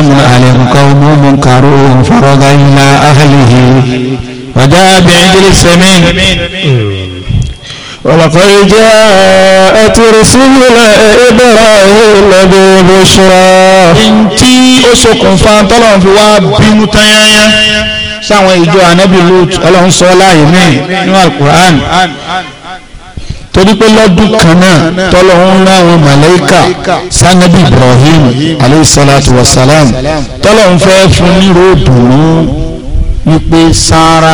سلام عليهم قوم منكرون فرغ إلى أهله وجاء بعجل سمين ولقد جاءت رسلنا إبراهيم بالبشرى ntí ó ṣokùnfà tọ́lọ́run fi wá bínú tányányá sáwọn ìjọ ànábì Lut ọlọ́run sọ láàyè mí torí pé lọ́dún kan náà tọ́lọ́hún rán àwọn sanabi ibrahim aleyhisalatu wasalam tọ́lọ́hún fẹ́ fún nírò dùnú wípé sáárà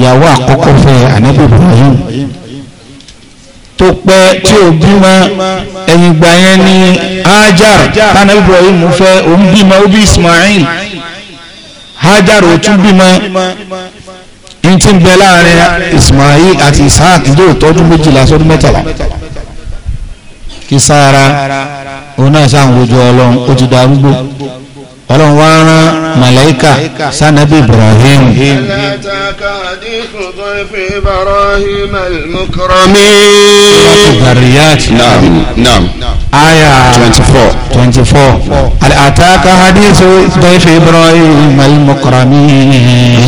ìyàwó àkọ́kọ́ fẹ́ anabi ibrahim tó pẹ́ tí ò bímọ ẹ̀yìn gbà yẹn ní hajar tanabi ibrahim fẹ́ òun bímọ ó ismail hajar ò tún bímọ tí ń bẹ láàrin Ismail àti Ishaq yóò tọ́dún méjìlá sọ́dún mẹ́tàlá kí sára òun náà ṣàǹwòjọ ọlọ́run ó ti darúgbó ọlọ́run wá rán màláíkà ibrahim. Zariyat hadithu naam Ibrahim 24 24 هل أتاك حديث ضيف إبراهيم المكرمين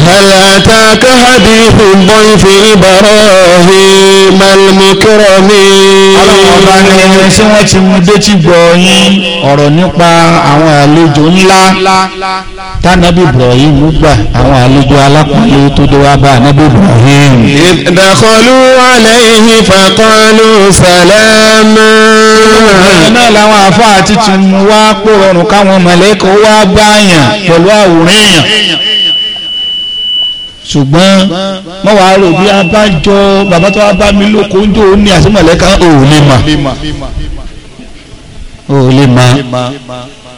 هل أتاك حديث Ibrahim إبراهيم المكرمين ọlọ́run ọba ni ẹni tí wọ́n ti mú dé ti gbọ́ yín ọ̀rọ̀ nípa àwọn àlejò Ta Nabi Ibrahim gbà àwọn àlejò alápàlẹ́ tó dé wá bá ànábì Ibrahim. ìdàkọlù alayhi faqalu sàlámà. náà làwọn àfa àti tùmù wá pò rọrùn káwọn mọ̀lẹ́kọ̀ọ́ wá báyàn pẹ̀lú àwòrán èèyàn ṣùgbọ́n mọ́ wàá rò bí abájọ bàbá tó wá bá mi lóko ń dò ní àti mọ̀lẹ́ka ò lè mà ò lè mà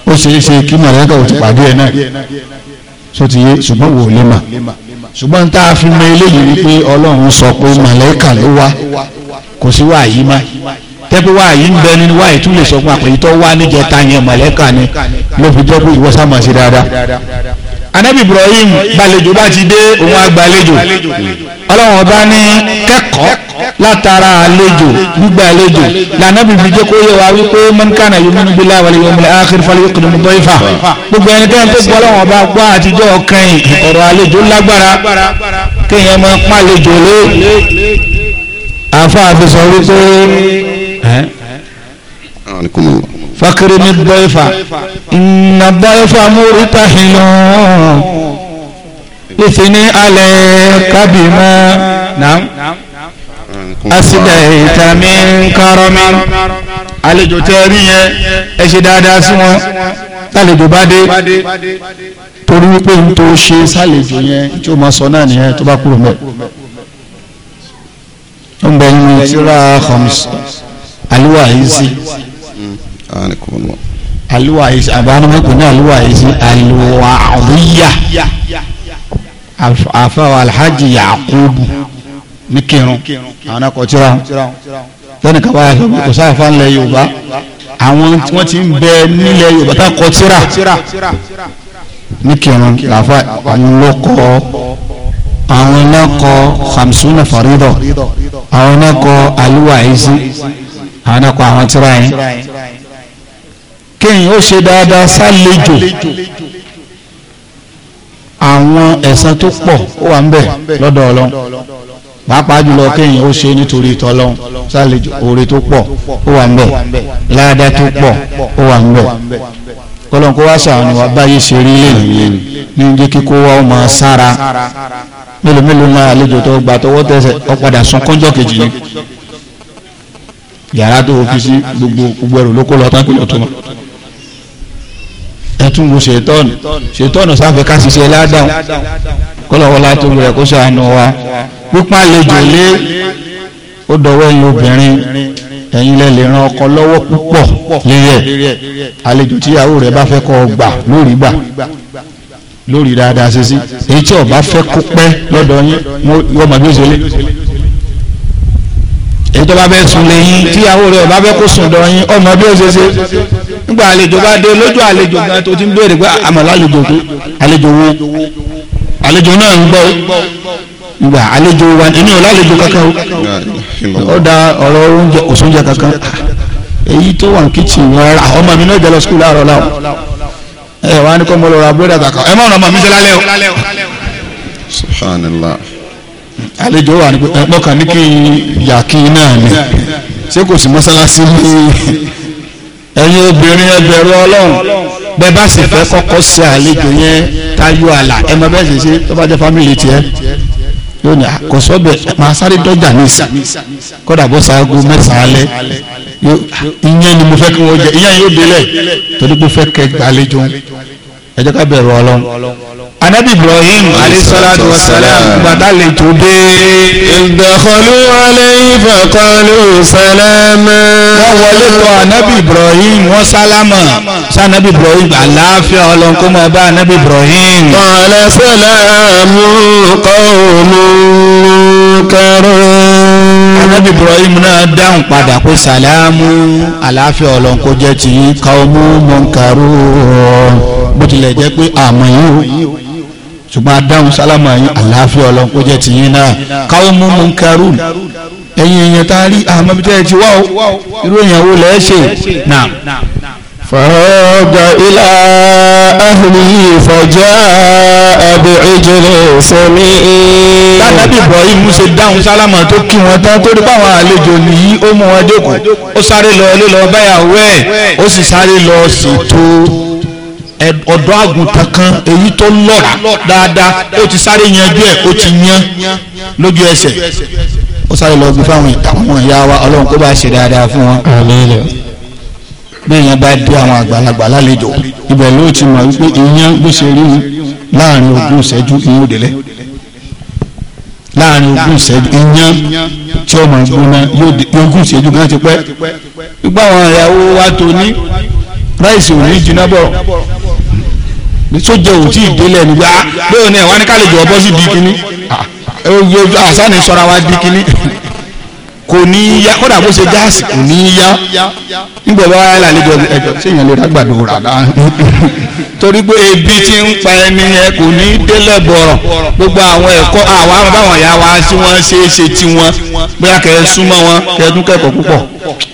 ó ṣeé ṣe kí màlẹ́kà ò ti pàdé ẹ̀ náà so ti yé ṣùgbọ́n wò lè mà ṣùgbọ́n tá a fi mọ eléyìí ni pé ọlọ́run sọ pé màlẹ́kà ló wá kò sí wáàyí má tẹ́pẹ́ wáàyí ń bẹ nínú wáàyí tún lè sọ fún àpèyítọ́ wá níjẹta yẹn màlẹ́kà ni ló fi jẹ́ pé ìwọ́sàmọ̀ sí dáadáa anabi ibrahim gbàlejò bá ti dé òun àgbàlejò ọlọ́run ọba ní kẹ́kọ̀ọ́ látara àlejò gbígbà àlejò lànàbì fi jẹ́ kó yẹ wa wípé mọ́nkànà yìí múnú bí láwàlẹ̀ yìí múnú àkìrì falẹ̀ yìí kìrìmù dọ́ìfà gbogbo ẹni tó ń tó gbọ́ ọlọ́run ọba gbọ́ àtijọ́ kẹyìn ọ̀rọ̀ àlejò lágbára kéèyàn máa pa àlejò lé àfa àfisọ wípé. فاكرم الضيف إن الضيف مرتحل لثني عليك بما نعم أسديت من كرم àlejò tẹ rí yẹn ẹ ṣe dáadáa sí wọn tálejò bá dé torí wípé n tó ṣe sálejò yẹn tí ó máa sọ náà nìyẹn tó bá kúrò mẹ. ó ń bẹ nínú tíra khams aliwa yìí sí alwa'iz àbáwọn ọmọ ẹ̀kọ́ ní alwa'iz alwa'adiyya àfàwọn alhaji yakubu ní kírun àwọn akọ̀tíra lẹ́nìkan báyà sọ kò sáfà ńlẹ̀ yorùbá àwọn tí wọ́n ti ń bẹ nílẹ̀ yorùbá tá kọtíra ní kírun làfà àwọn lọ́kọ̀ àwọn lọ́kọ̀ hamsuna faridọ àwọn lọ́kọ̀ alwa'iz àwọn lọ́kọ̀ àwọn tíra yẹn kéèyàn ó ṣe dáadáa sálejò àwọn ẹ̀san tó pọ̀ ó wà ń bẹ̀ lọ́dọ̀ ọlọ́run pàápàá jùlọ kéèyàn ó ṣe nítorí ìtọ́lọ́run sálejò oore tó pọ̀ ó wà ń bẹ̀ ládàá tó pọ̀ ó wà ń bẹ̀ kọlọ́n kó wá ṣàánú wa báyìí ṣe rí lẹ́yìn ní jẹ́ kíkó wa ó máa sára mélòó mélòó náà àlejò tó gbà tọwọ́ tẹsẹ̀ ó padà sún kejì ni yàrá tó fi sí gbogbo gbogbo ẹrù ló kó lọ tán kí lọ́tọ́ náà ẹtún wo ṣètọ́nù ṣètọ́nù sáfẹ́ ká ṣiṣẹ́ ládàá kọ́lọ́wọ́lá tó rẹ̀ kó ṣàánú wa pípa àlejò lé ó dọ̀wọ́ ẹ̀yin obìnrin ẹ̀yin lẹ lè ran ọkọ lọ́wọ́ púpọ̀ lérí ẹ̀ àlejò tíyàwó rẹ̀ bá fẹ́ kọ́ gbà lórí gbà lórí dáadáa sísí èyí tí ọba fẹ́ kó pẹ́ lọ́dọ̀ yín wọ́n mọ̀ bí ó ṣe lé èyí tó bá fẹ́ sùn lé yín tíyàwó rẹ̀ ọba fẹ́ kó sùn dọ̀ yín ọmọ bí ó ṣe ṣe nígbà àlejò bá dé lójú àlejò gan tó ti ń béèrè pé ah, àmọ̀ lálejò tó àlejò wo àlejò náà ń gbọ́ ìgbà àlejò wa èmi ò lálejò kankan ó da ọ̀rọ̀ oúnjẹ òsúnjẹ kankan ah, èyí tó wà ní kitchen wọn ra ọmọ mi náà jẹ lọ sukùl láàárọ̀ láwọn ẹ wá ní kọ́ mo lọ ra àtàkà ẹ má ọ̀nà ọmọ mi ṣe lálẹ́ o. subhanallah. àlejò wà ní pé ẹ mọ̀kàn ní kí yàkí náà ni ṣé kò sí mọ́sálásí ní ẹ̀yin obìnrin ẹ bẹ̀rù ọlọ́run bẹ́ẹ̀ bá sì fẹ́ kọ́kọ́ ṣe àlejò yẹn tayọ àlà ẹ máa bẹ́ẹ̀ sì ṣe tó bá jẹ́ fámìlì tiẹ̀ yóò ní àkọsọ́bẹ̀ máa sáré dọ́jà nísì kọ́dà bó ṣaago mẹ́sàn-án alẹ́ ìyẹn ni mo fẹ́ kí wọ́n jẹ ìyẹn yóò délẹ̀ torí pé fẹ́ kẹ́ gbàlejò ẹ jẹ́ ká bẹ̀rù ọlọ́run anabi ibrahim alayisalaatu wasalaam gbàdá lè tó dé. ìdàkọlù alayhi faqalu salama. wọ́n wọlé anabi ibrahim wọ́n salama. sí anabi ibrahim àlàáfíà ọlọ́nkó máa bá anabi ibrahim. qala salamu qawmun karun. anabi ibrahim náà dáhùn padà pé sàlámù àlàáfíà ọlọ́nkó jẹ́ ti qawmun munkarun bó tilẹ̀ jẹ́ pé àmọ́ yìí ṣùgbọ́n adáhùn sálámà yín àlàáfíà ọlọ́run kó jẹ́ tìyín náà káwọn mú munkarun ẹ̀yin èèyàn tá a rí àmọ́bíjẹ́ ẹ ti wá o irú èèyàn wo lẹ́ ṣe náà. faraga ila ahlihi fajaa bi'ijl sami'in. tàbí ibrahim ṣe dáhùn sálámà tó kí wọn tán tó rí báwọn àlejò nìyí ó mú wọn dẹ́kun ó sáré lọ ilé lọ báyàwó ẹ̀ ó sì sáré lọ sí tó ọ̀dọ́ àgùntàn kan èyí tó lọ́ra dáadáa ó ti sáré yanjú ẹ̀ ó ti yan lójú ẹsẹ̀ ó sáré lọ gbé fáwọn ìtàwọn ìyá wa ọlọ́run kó bá ṣe dáadáa fún wọn. bí èèyàn bá dé àwọn àgbàlagbà lálejò. ibẹ̀ ló ti mọ̀ wípé ìyẹn bó ṣe rí láàrin ogún ìṣẹ́jú ìyẹn òdìlẹ̀ láàrin ogún ìṣẹ́jú ìyẹn tí ọmọ ìgbóná yóò ogún ìṣẹ́jú gan ti pẹ́. gbogbo àwọn ìyàwó wa tó ní ráìsì ò ní jiná sójà ò tí ì délẹ̀ nígbà bẹ́ẹ̀ ni ẹ̀wá ní ká lè jọ bọ́ sí di kínní ah, eh, eh, ah, àṣàní sọ́ra wa di kínní kò ní í yá kódà bó ṣe gáàsì kò ní í yá nígbà bá wáyà lálejò ẹjọ séèyàn lè rágbàdo rà bá torí pé ebi ti ń pa ẹni yẹn kò ní í délẹ̀ bọ̀rọ̀ gbogbo àwọn ẹ̀kọ́ ah, àwọn àwọn báwọn ìyá wa tí wọ́n ṣe é ṣe tiwọn bóyá kẹ́ ẹ súnmọ́ wọn kẹ́ ẹ tún kẹ́kọ̀ọ́ púpọ̀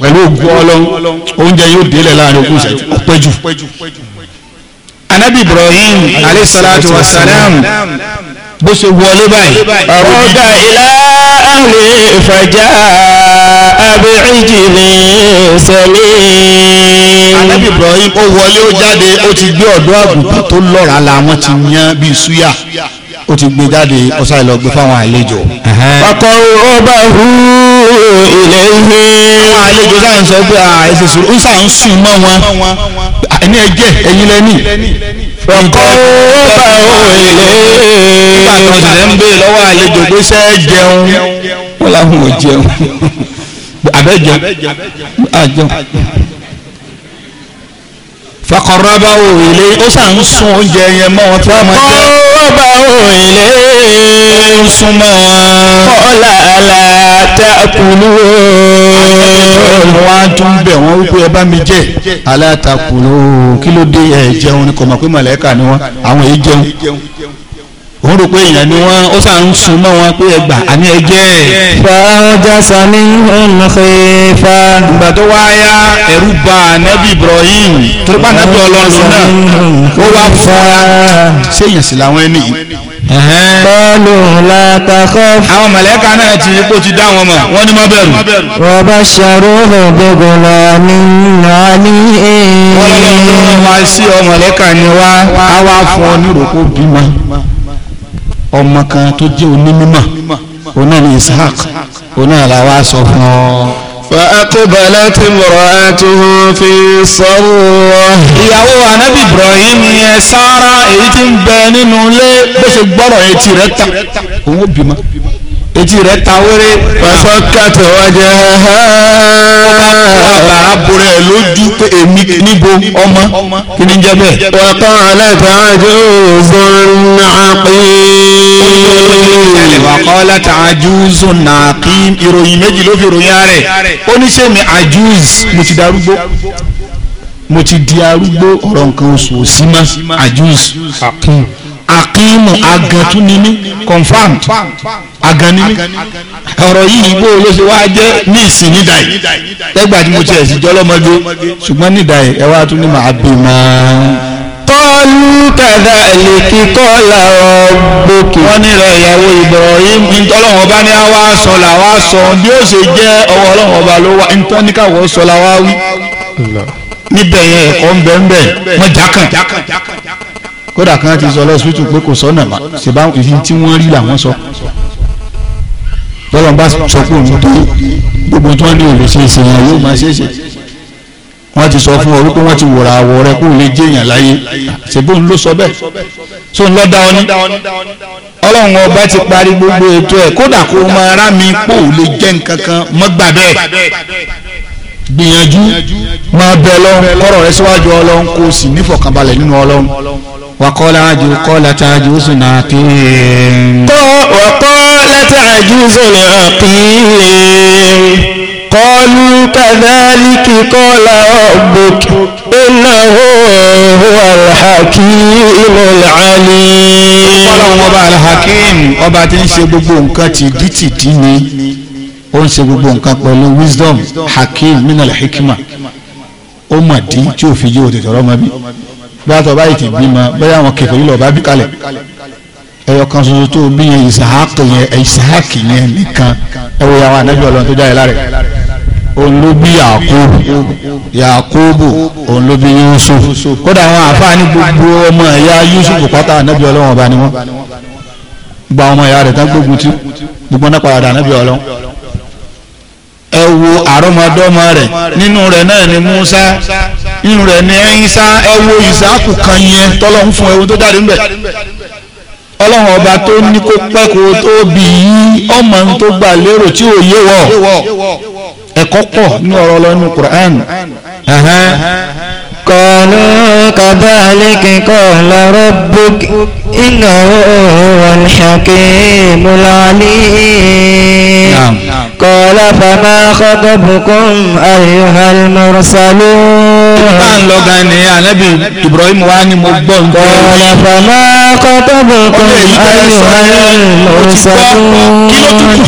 pẹ̀lú ògbó ọlọ́run oúnjẹ yóò délẹ̀ láàrin ogún ìṣẹ́jú ọ̀pẹ́jù anabi ibrahim alayhi salatu wa salam bó ṣe wọlé báyìí. ọ̀rọ̀dà ilá àlè ìfàjà abẹ́rìjìlì sẹ́mi. anabi ibrahim ó wọlé ó jáde ó ti gbé ọ̀dọ́ àgùntàn tó lọ́ra làwọn ti yan bíi súyà ó ti gbé jáde ó sáré lọ gbé fáwọn àlejò. ọkọ̀ ọba hu ilé ihe. àwọn àlejò sáà ń sọ pé àìsèsè ah, ó sáà ń sùn mọ́ wọn ah, ẹni ẹjẹ ẹ̀yin lẹ́ni ọkọ ọba òye. nígbà tó ń bè lọ́wọ́ àlejò pé ṣe é jẹun wọ́n láwọn ò jẹun àbẹ́jọ àjọ fakọrọba òrìlé ó sàn ń sun oúnjẹ yẹn mọ́ wọn tí wọ́n máa jẹ. fakọrọba òrìlé ń sun mọ́ wọn. kọ́lá alátakùlù. wọ́n á tún bẹ̀ wọ́n wípé ẹ bá mi jẹ́ alátakùlù kí ló dé ẹ̀ jẹun ni kò mọ̀ pé màlẹ́kà ni wọ́n àwọn èyí jẹun wọ́n rò pé èèyàn ni wọ́n ó sà ń sun mọ́ wọn pé ẹgbà àní ẹjẹ́ ẹ̀. fàájà sani ọ̀nà xeefa. ìgbà tó wá yá ẹ̀rù bà anabi ibrahim torí pa anabi ọlọ́run náà ó wá fara séèyàn sì làwọn ẹni Bọ́ọ̀lù la takọ́. Àwọn mọ̀lẹ́ka náà ti kó ti dá wọn mọ̀, wọ́n ní má bẹ̀rù. Rọ̀bà ṣàrò ọ̀gbọ̀gbọ̀ lọ ní ìnáni Wọ́n lọ́wọ́ wá sí ọmọlẹ́ka ni wá, á fún ọ ní ìrókò bímọ ọmọ kan tó jẹ́ onímọ̀ oná ní ishaq oná làwa sọ fún ọ. فأقبلت امرأته في صرة ìyàwó anabi ibrahim yẹn sára èyí tí ń bẹ nínú ilé bó ṣe gbọ́rọ̀ etí rẹ̀ ta òun ó bímọ etí rẹ̀ ta wéré. pàṣẹ kàtà wájà. ọba àbàrà borẹ lójú pé èmi níbo ọmọ kí ni jẹ bẹ́ẹ̀. wàkọ́ alátàájú zun nàákì. wàkọ́ alátàájú zun nàákì. ìròyìn méjì ló fi ròyìn ààrẹ ó ní ṣé mi àjùz mo ti darúgbó mo ti di arúgbó ọ̀rọ̀ nǹkan oṣù òsínmá àjùz àkùn akínmù agantún confirmed Aganimi. mí ọ̀rọ̀ yìí bó ló ṣe wáá jẹ́ ní ìsìn nídà yìí ni tí mo tiẹ̀ sì jọ́ lọ́mọdé ṣùgbọ́n nídà yìí ẹ wá tún ní màá bí mọ́. kọ́lù kàdà èlèkì kọ́là ọ̀gbọ́kì. wọ́n ní rẹ̀ ìyàwó Ibrahim ntọ́lọ́wọ́n bá ní àwa sọ làwa sọ bí ó ṣe jẹ́ ọwọ́ ọlọ́wọ́n bá ló wá ntọ́níkàwọ́ sọ làwa wí. níbẹ̀ yẹn ẹ̀kọ́ ń kódà kan ti sọ lọ́sítù pé kò sọ́nà mà ṣèbá ìhìn tí wọ́n rí làwọn sọ bọ́lá ń bá sọ pé òun tó gbogbo tí wọ́n ní òlè ṣe ṣe yẹn yóò máa ṣe ṣe wọ́n ti sọ fún ọ wípé wọ́n ti wòrà àwọ̀ rẹ kó lè jẹ́yàn láyé ṣèbó ń ló sọ bẹ́ẹ̀ tó ń lọ dá ọ ní ọlọ́run ọba ti parí gbogbo ètò ẹ̀ kódà kó máa rá mi pò lè jẹ́ nǹkan kan mọ́gbà bẹ́ẹ̀ gbìyànjú máa bẹ ọlọ́run kọ́rọ̀ rẹ síwájú ọlọ́run kó o sì nífọ̀kànbalẹ̀ nínú ọlọ́run. وقال عجوز قالت عجوز عقيم وقالت عجوز عقيم قالوا كذلك قال ربك إنه هو الحكيم العليم ọlọ́run ọba alhakim ọba tí ń ṣe gbogbo nǹkan ti dítìdí ni ó ń ṣe gbogbo nǹkan pẹ̀lú wisdom hakim minal hikima ó mà dín tí ò fi yé òtítọ́ ọmọ bí bóyá tó báyìí ti bímọ bóyá àwọn kẹfẹ́ yìí lọ bá bí kalẹ̀ ẹyọ kan ṣoṣo tó bí yẹn ìsàhákì yẹn ìsàhákì yẹn nìkan ẹ wo yàrá ànábì ọlọ́run tó jáde lára ẹ̀ òun ló bí yakubu yakubu òun ló bí yusuf kódà àwọn àfáàní gbogbo ọmọ ẹ̀yà yusuf pátá ànábì ọlọ́run ọba ni wọ́n gba ọmọ ẹ̀yà rẹ̀ tán gbógun tí gbogbo náà padà ànábì ọlọ́run ẹ wo àrọ́mọdọ́mọ rẹ̀ nínú rẹ̀ náà ni musa irun rẹ̀ ní ẹ̀yìnsá ẹwo ìsáàkù kan yẹn tọ́lọ́hún fún ewu tó jáde ńbẹ̀ ọlọ́run ọba tó ní kó pẹ́ tó bì í ọmọ ń tó gbà lérò tí ò yé wọ̀ ẹ̀kọ́ pọ̀ ní ọ̀rọ̀ ọlọ́nu Qur'an. kọ́lá kàdáàlìkì kọ́lá rọ́bùkì iná wọn hakimul alim. kọ́lá fama khatabukum ayyuhal mursalun ibi tá à ń lọ gan ni anabi ibrahim wa ni mo gbọ́ nǹkan. kọ́lá fàmà kọ́tàbù kan ayò ayò lọ́sàkó.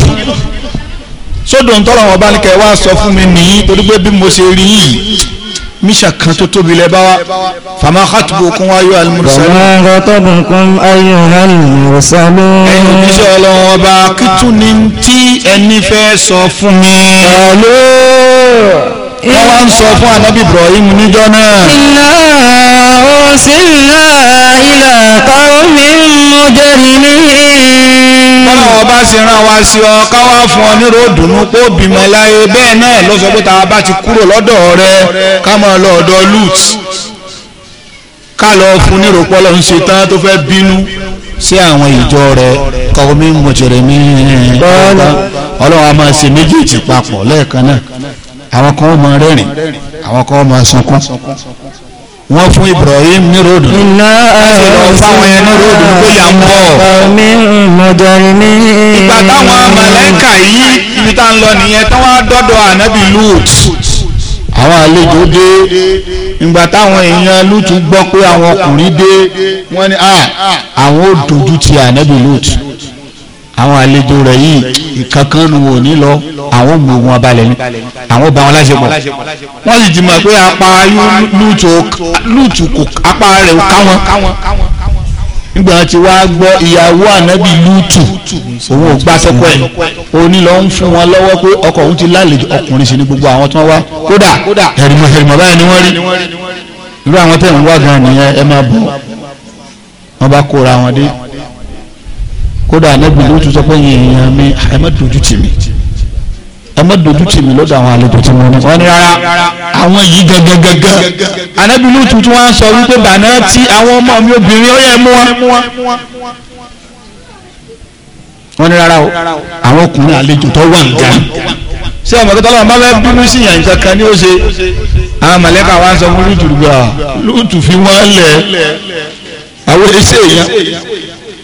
sódò ń tọrọ wọn bá ní kẹ wá sọ fún mi nìyí torí pé bí mo ṣe rí yìí mísà kan tó tóbi lẹ bá wa fàmà kọ́tàbù kan ayò alimusalu. fàmà kọ́tàbù kan ayò alimusalu. ẹyin oníṣẹ́ ọlọ́wọ́n ọba kìtù ni tí ẹni fẹ́ sọ fún mi. ọ̀lọ́ wọ́n wá ń sọ fún anabi ibrahim níjọ́ náà. iná ó sì ná ilà káwọ́mí mo jẹ́ ní. bọ́lá wọn bá ṣe rán wa sí ọ káwá fún ọ nírò dùnú kó bímọ láyé bẹ́ẹ̀ náà ló sọ pé tá bá ti kúrò lọ́dọ̀ rẹ ká máa lọ ọ̀dọ̀ lut ká lọ fún nírò pọ́lọ́ ń ṣe tán tó fẹ́ bínú sí àwọn ìjọ rẹ káwọ́mí mo jẹ̀rẹ̀ mí. bọ́lá ọlọ́run a máa ṣe méjèèjì papọ̀ lẹ́ẹ̀kan náà àwọn kan ó máa rẹ́rìn àwọn kan ó máa sunkún wọ́n fún Ibrahim ní ròdù iná àìsàn fáwọn yẹn ní ròdù kó yà ń bọ̀ ìgbà táwọn màláíkà yìí ibi tá ń lọ nìyẹn tí wọ́n á dọ́dọ̀ ànábì Lut àwọn àlejò dé ìgbà táwọn èèyàn Lut gbọ́ pé àwọn ọkùnrin dé wọ́n ní àwọn ò dojú ti ànábì Lut àwọn àlejò rẹ̀ yìí ìkankan nu wò ní lọ àwọn mú wọn balẹ̀ ní àwọn bá wọn láṣepọ̀ wọ́n sì ti mọ̀ pé apá lùtù kò apá rẹ̀ ò ká wọn nígbà tí wàá gbọ́ ìyàwó ànábì lùtù òun ò gbàṣẹ pẹ́ òní lọ ń fún wọn lọ́wọ́ pé ọkọ òun ti lálejò ọkùnrin sí ní gbogbo àwọn tí wọ́n wá kódà hẹ̀rìmọ̀ hẹ̀rìmọ̀ báyìí ni wọ́n rí irú àwọn tẹ̀ ń wá gan nìyẹn ẹ máa bọ̀ wọ́n bá kóra wọn dé kódà anábì ló tún sọ pé yìnyín yàn mí ẹ má dojú tì mí ẹ má dojú tì mí lọ́dọ̀ àwọn àlejò tí mo ní. wọ́n ní rárá àwọn yìí gẹ́gẹ́gẹ́gẹ́ anábì ló tún tún wá sọ wípé bàná tí àwọn ọmọ mi obìnrin ó yẹ mú wọn. wọ́n ní rárá o àwọn ọkùnrin àlejò tó wà ń ga ṣé ọmọ kẹta lọ́wọ́ máa fẹ́ bínú sí yàn nǹkan kan ní ó ṣe àwọn mọ̀lẹ́kà wa ń sọ fún lùtù gbà lùtù fi wọ́n lẹ̀ àwọn iṣẹ́ èèyàn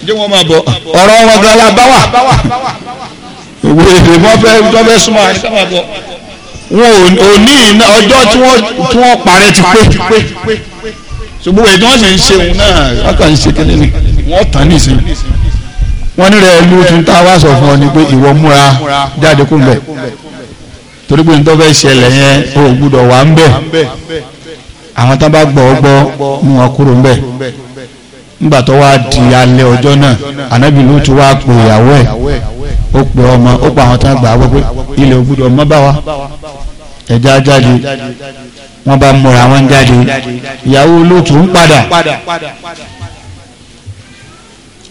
jẹ́ wọ́n máa bọ̀ ọ̀rọ̀ wọn gan la bá wà wèrè wọ́n fẹ́ wọ́n fẹ́ súnmọ́ àyè ká máa bọ̀ wọn ò ní ọjọ́ tí wọ́n parẹ́ ti pé ṣùgbọ́n èyí tí wọ́n sì ń ṣe òun náà wọ́n kàn ń ṣe kíní ni wọ́n tàn ní ìsìn wọ́n ní rẹ̀ ló tún tá a wá sọ fún ọ ni pé ìwọ múra jáde kún bẹ̀ torí pé nítorí fẹ́ ṣẹlẹ̀ yẹn o ò gbúdọ̀ wà ń bẹ̀ àwọn tá a bá gbọ́ ọ gbọ́ mú wọn kúrò ń bẹ̀. nígbà tó di alẹ́ ọjọ náà ànábì Lútù wa pè ìyàwó ẹ̀ ọmọ ó pa àwọn tán gbà á wọ́pẹ́ ilẹ̀ ògbúdọ̀ wa ẹ̀já jáde wọ́n bá múra wọn jáde ìyàwó Lútù ń padà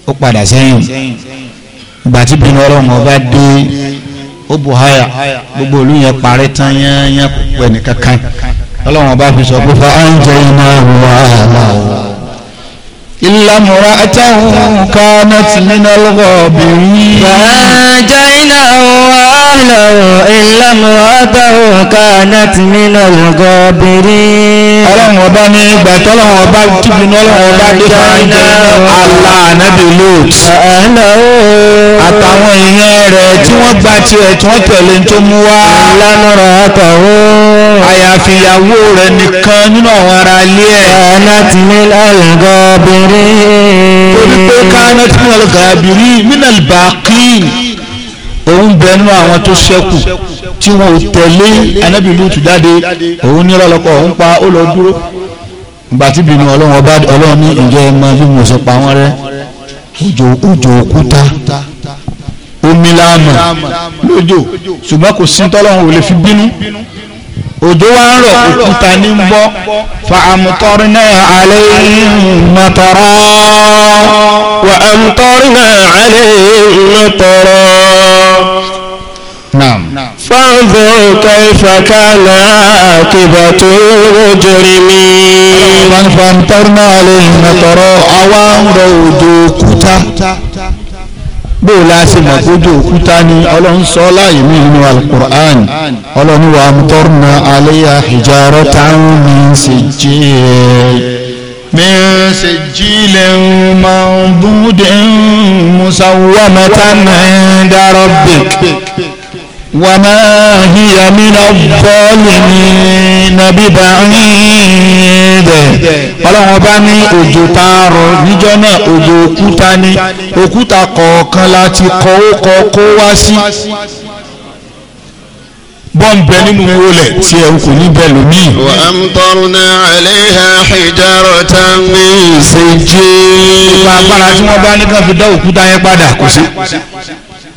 ó padà gbogbo olú ọba fi sọ pé fa iná wà إلا امرأة كانت من الغابرين فنجيناه وأهله إلا امرأته كانت من الغابرين ọlọ́run ọba ní ìgbà tọ́lọ́run ọba tìbínú ọlọ́run ọba dé bá ń jẹ àlà ànábì lóòtù àtàwọn èèyàn rẹ̀ tí wọ́n gba tiẹ̀ tí wọ́n tẹ̀lé tó mú wá. ìlànà rẹ̀ àtàwọn àyàfi ìyàwó rẹ̀ nìkan nínú àwọn ará ilé ẹ̀. kánátì ní ọ̀lọ́gọ́ obìnrin. torí pé kánátì ní ọ̀lọ́gọ́ obìnrin minal baqin òun bẹnu àwọn tó ṣẹ́kù tí wọn ò tẹ̀lé anábì lùtù jáde òun ní ọlọ́lọ́kọ̀ òun pa ó lọ dúró. ìgbà tí bínú ọlọ́run ọba ọlọ́run ní ìjọ ẹ̀ma bí mo sọ pa wọ́n rẹ́ òjò òkúta omi láàmù lójò ṣùgbọ́n kò sí tọ́lọ́run ò lè fi bínú. ودوارو وكتاني مبو فأمطرنا عليهم مطرا وأمطرنا عليهم مطرا نعم فانظر كيف كان عاقبة المجرمين فأمطرنا عليهم مطرا أوامر ودو bóò láti mọ̀ kójú òkúta ni ọlọ́run sọ láàyè mí nínú alukur'an ọlọ́run wa amtarna alayha hijaratan min sijjil min sijjilin mandudin musawwamatan inda rabbik. وما هي من الظالمين ببعيد ọlọ́run ọba ní òjò tá a rọ̀ níjọ́ náà òjò òkúta ni òkúta kọ̀ọ̀kan la ti kọ ó kọ kó wá sí bọ́ǹbẹ nínú wọlé tí ẹ kò ní bẹ́ẹ̀ lómi. wà á ń tọrùnà àléhà ìjọrọ tá a ń gbé ìṣèjì. ìpa tí wọ́n bá ní ká fi dá òkúta yẹn padà kò sí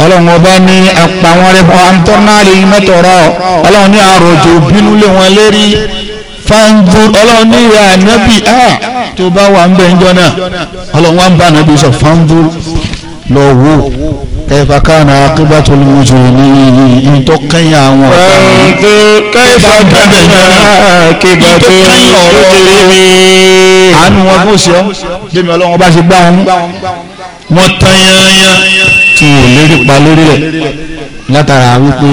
ọlọ́run ọba ní apá wọn rẹ fún antọ́nàlì mẹ́tọ̀rọ̀ ọlọ́run ní àròjò bínú lé wọn lérí fanzu ọlọ́run ní ìyá ànábì á tó bá wà ń bẹ ń jọ náà ọlọ́run wá ń bá ànábì sọ fanzu lọ wò kẹfà kánà akébàtò lójú ní ìtọ́kẹ́yìn àwọn ọ̀gá kẹfà kánà akébàtò lójú ní àánú wọn kò sí ọ jẹmi ọlọ́run ọba ṣe gbá wọn wọn tán yányán tí ò lérí pa lórí rẹ̀ látara wípé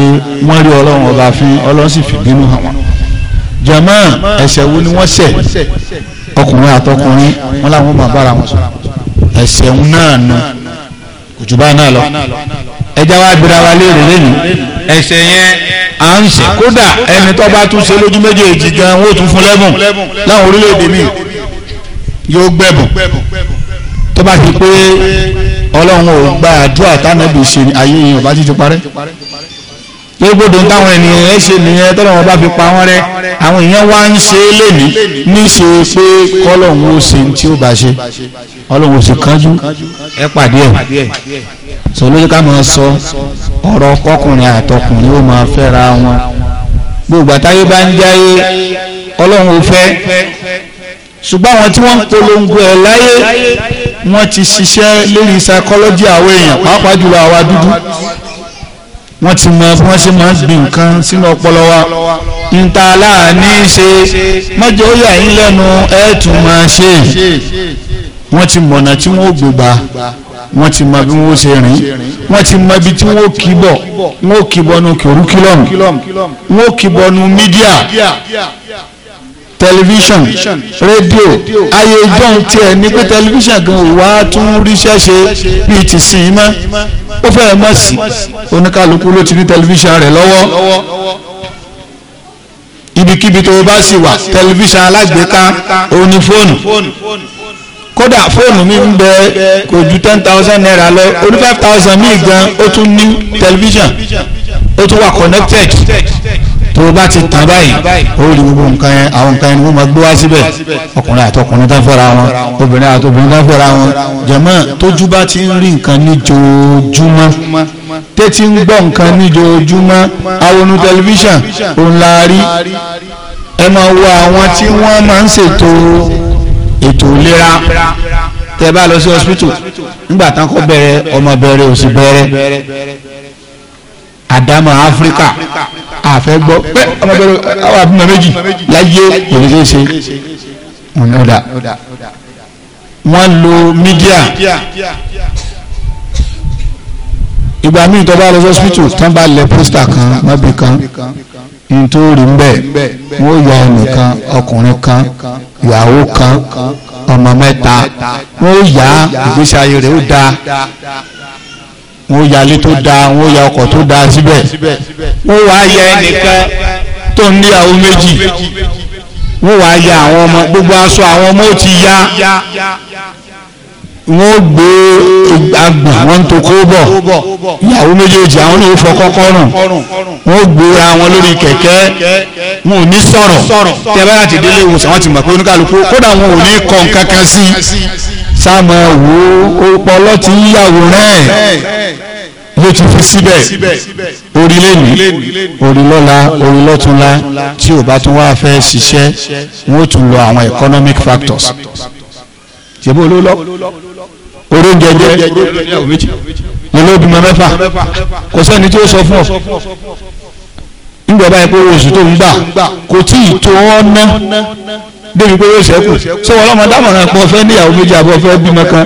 wọ́n rí ọlọ́run ọba fún ọlọ́run sì fìbínú hàn wọ́n jàmá ẹ̀ṣẹ̀ wo ni wọ́n ṣẹ̀ ọkùnrin àtọkùnrin wọn làwọn máa bára wọn sọ ẹ̀ṣẹ̀ náà nù òjùbá náà lọ ẹja wa gbéra wa léèrè lẹ́nu ẹ̀ṣẹ̀ yẹn à ń ṣe kódà ẹni tó bá tún ṣe lójú méjèèjì gan wọn ò tún fún lẹ́bùn láwọn orílẹ̀-èdè míì yóò gbẹ̀bùn tó bá ti pé ọlọ́run ò gba àdúrà tánàbì ṣe ayé yìí ọba títí parẹ́ gbogbo táwọn ènìyàn ẹ ṣe nìyẹn tọ́lọ̀ wọn bá fi pa wọ́n rẹ́ àwọn èèyàn wá ń ṣe é lèmi níṣe pé kọ́lọ̀hún ó ṣe tí ó bá ṣe ọlọ́hún ó sì kánjú ẹ pàdé ẹ̀ sọ lójú ká máa sọ ọ̀rọ̀ kọkùnrin àtọkùnrin ó máa fẹ́ra wọn gbogbo àtàyè bá ń jáyé ọlọ́hún ó fẹ́ ṣùgbọ́n àwọn tí wọ́n ń polongo ẹ̀ láyé wọ́n ti ṣiṣẹ́ lórí psychology àwọn èèyàn pàápàá jùlọ àwa dúdú wọ́n ti mọ bí wọ́n ṣe máa ń gbin nǹkan sínú ọpọlọ wa níta aláàní ṣe mọ́jọ́ yà yín lẹ́nu ẹ̀ tún máa ṣe wọ́n ti mọ̀nà tí wọ́n ò gbégbá wọ́n ti mọ bí wọ́n ṣe rìn wọ́n ti mọ ibi tí wọ́n kì bọ̀ wọ́n kì bọnu kìrúkìlọ̀mù wọ́n kì bọnu mídíà tẹlifíṣàn rédíò ayé ìjọ́un tiẹ̀ ní pé tẹlifíṣàn gan wà á tún ríṣẹ́ ṣe bíi ti sìn mọ́ ó fẹ́ẹ̀ mọ̀ sí oníkálukú ló ti ní tẹlifíṣàn rẹ̀ lọ́wọ́ ibikíbi tó o bá sì wà tẹlifíṣàn alágbèéká òun ni fóònù kódà fóònù mi ń bẹ kò ju ten thousand naira lọ oní five thousand míì gan ó tún ní tẹlifíṣàn ó tún wà connected tó o bá ti tàn báyìí ó rí gbogbo nǹkan yẹn àwọn nǹkan yẹn ni wọ́n máa gbé wá síbẹ̀ ọkùnrin àti ọkùnrin tó fẹ́ra wọn obìnrin àti obìnrin tó fẹ́ra wọn jẹ̀mọ́ tójú bá ti ń rí nǹkan níjoojúmọ́ tẹ́tí ń gbọ́ nǹkan níjoojúmọ́ awonu tẹlifíṣàn òun la rí ẹ máa wo àwọn tí wọ́n máa ń ṣètò ètò ìlera tẹ bá lọ sí hospital nígbà tán kọ bẹ̀rẹ̀ ọmọ bẹ̀rẹ̀ òsì bẹ̀rẹ̀ àdámọ̀ áfíríkà àfẹ́ gbọ́ pé ọmọbẹ̀rẹ̀ àwọn àbímọ méjì láyé èyí ṣe é ṣe ọ̀nà ọ̀dà wọ́n lo mídíà ìgbà míì tó bá lọ sí hospital tán bá lẹ pósítà kan mọ́bì kan nítorí ńbẹ wọ́n yọ ẹnìkan ọkùnrin kan ìyàwó kan ọmọ mẹ́ta wọ́n yá ìgbésí ayé rẹ̀ ó dáa wọ́n ya ilé tó dáa wọ́n ya ọkọ̀ tó dáa síbẹ̀ wọ́n wá yẹ ẹnìkan tó ń níyàwó méjì wọ́n wá ya àwọn ọmọ gbogbo aṣọ àwọn ọmọ ó ti ya wọ́n gbé agbọ̀n wọ́n tó kó bọ̀ ìyàwó méjèèjì àwọn ní ìfọ kọ́kọ́ wọ́n gbéra wọn lórí kẹ̀kẹ́ wọn ò ní sọ̀rọ̀ tẹ́ bá láti délé ìwòsàn wọn ti mọ̀ pé oníkàlùkù kódà wọn ò ní kọ́ nǹkan kan sí i sáàmù wò ó ọpọlọ ti ń yàwòrán ẹ̀ ló ti fi síbẹ̀ orílẹ̀ ní orílọ́la orílọ́túnla tí ò bá tún wá fẹ́ ṣiṣẹ́ wọ́n tún lo àwọn economic factors ṣèbó olólọ́ oróúnjẹ jẹ olóbìmọ mẹ́fà kò sẹ́ni tí ó sọ fún ọ nígbà báyìí pé oṣù tó ń gbà kò tí ì tó ọ ná débi pé yóò ṣẹ́kù ṣé wọn lọ́mọ dámọ̀ràn pọ̀ fẹ́ níyàwó méjì àbọ̀ fẹ́ bímọ kan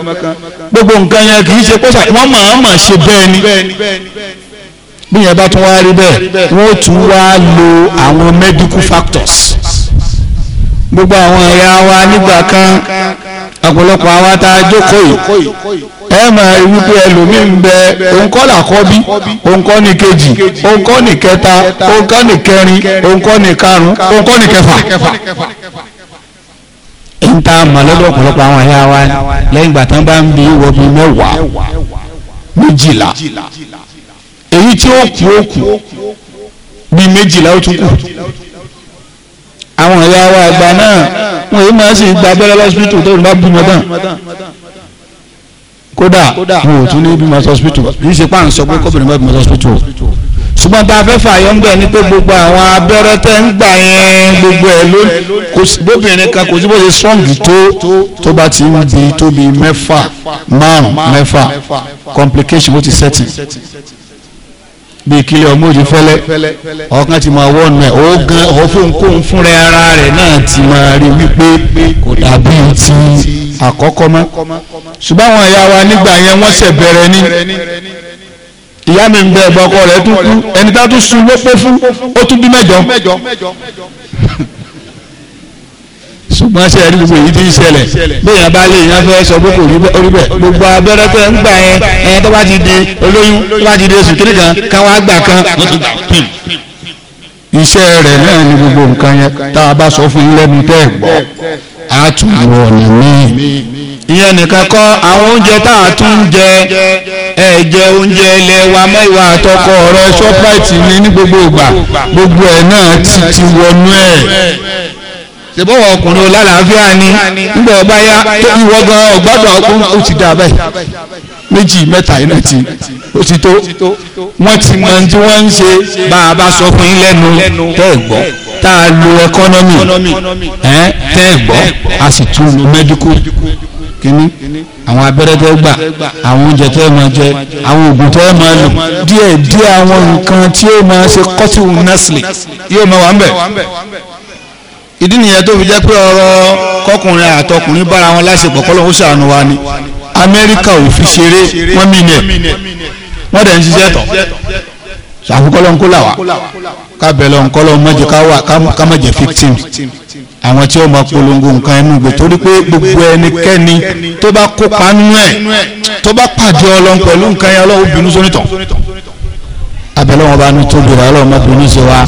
gbogbo nǹkan yẹn kì í ṣe pọ́sà wọ́n máa máa ṣe bẹ́ẹ̀ ni bí yẹn bá tún wá rí bẹ́ẹ̀ wọ́n tún wá lo àwọn medical factors gbogbo àwọn ẹ̀yà wa nígbà kan ọ̀pọ̀lọpọ̀ àwa tá a jókòó yìí ẹ máa rí wípé ẹlòmíì ń bẹ òun kọ́ làkọ́bí òun kọ́ ní kejì òun ní kẹta òun ní kẹrin òun ní karùn-ún òun ní kẹfà ń ta mọ̀lọ́dọ̀ ọ̀pọ̀lọpọ̀ àwọn ẹ̀yà wa lẹ́yìn ìgbà tán bá ń bi wọ bí mẹ́wàá méjìlá èyí tí ó kú ó kú bí méjìlá ó tún kù àwọn ẹ̀yà wa àgbà náà wọ́n èyí máa ń sì gba abẹ́rẹ́ lọ́sibítù tó ń bá bímọ dán kódà wọn ò tún ní bímọ sọ́sibítù yìí ṣe pàǹsọ pé kọ́bìnrin bá bímọ sọ́sibítù ṣùgbọ́n tá a fẹ́ fààyàn ń bẹ̀ ni pé gbogbo àwọn abẹ́rẹ́ tẹ́ ń gbà yẹn gbogbo ẹ̀ ló lóbìnrin kan kò sí bó ṣe sọ́ǹgì tó tó bá ti ń bi tóbi mẹ́fà márùn mẹ́fà complication ó ti sẹ́tì bíi kílẹ̀ ọmọ òjì fẹ́lẹ́ ọkàn ti máa wọ́nu ẹ̀ ó gan ọ̀fóńkóhun fúnra ara rẹ̀ náà ti máa rí wípé kò dàbí ti àkọ́kọ́ mọ́ ṣùgbọ́n àwọn ìyá wa nígbà yẹn wọ́n ṣẹ̀ bẹ̀rẹ̀ ní ìyá mi ń bẹ ẹ̀bọ ọkọ rẹ̀ tún kú ẹni tá tún sun ló pé fún ó tún bí mẹ́jọ. ṣùgbọ́n ṣe rí gbogbo èyí tí ń ṣẹlẹ̀ bóyá bá lè yan fẹ́ sọ pé kò rí bẹ́ẹ̀ gbogbo abẹ́rẹ́ tẹ́ ń gbà yẹn ẹ̀yẹn tó bá ti di olóyún tó bá ti di oṣù kiri kan káwọn àgbà kan iṣẹ́ rẹ̀ náà ni gbogbo nǹkan yẹn tá a bá sọ fún yín lẹ́nu tẹ́ ẹ̀ gbọ́ àtúwọ̀ nìyí. ìyẹn nìkan kọ́ àwọn oúnjẹ tá a tún oúnjẹ ilẹ̀ wa mẹ́wàá àtọkọ ọ̀rọ̀ shoprite ní ní gbogbo ìgbà gbogbo ẹ̀ náà ti ti wọnú ẹ̀ ṣèbọ̀wọ̀ ọkùnrin olálàáfíà ni nígbà ọba ya tó ìwọ gan ọgbọ́dọ̀ ọkùnrin ó ti dà tó wọ́n ti mọ tí wọ́n ń ṣe bá Kini, àwọn abẹ́rẹ́ tó gbà àwọn oúnjẹ tó máa jẹ àwọn oògùn tó máa lò díẹ̀ díẹ̀ àwọn nǹkan tí ó máa ṣe kọ́tìwù nẹ́sìlì yóò máa wà ń bẹ̀ ìdí nìyẹn tó fi jẹ́ pé ọ̀rọ̀ kọkùnrin àtọkùnrin bára wọn láṣepọ̀ kọ́lọ́ ó ṣàánú wa ni Amẹ́ríkà ò fi ṣeré wọ́n mí ni ẹ̀ wọ́n dẹ̀ ń ṣiṣẹ́ tọ̀ sàfikọ́lọ́ ńkọ́là wa kábẹ́lọ́ ńkọ́lọ́ mọ́jẹ ká má jẹ́ victim àwọn tí ó máa polongo nǹkan ẹnu gbé torí pé gbogbo ẹnikẹ́ni tó bá kópa nínú ẹ̀ tó bá pàdé ọlọ́run pẹ̀lú nǹkan yẹn ọlọ́run bínú sónítàn abẹ́lẹ́ wọn bá ní tóbi rẹ̀ ọlọ́run máa fi ní ṣe wa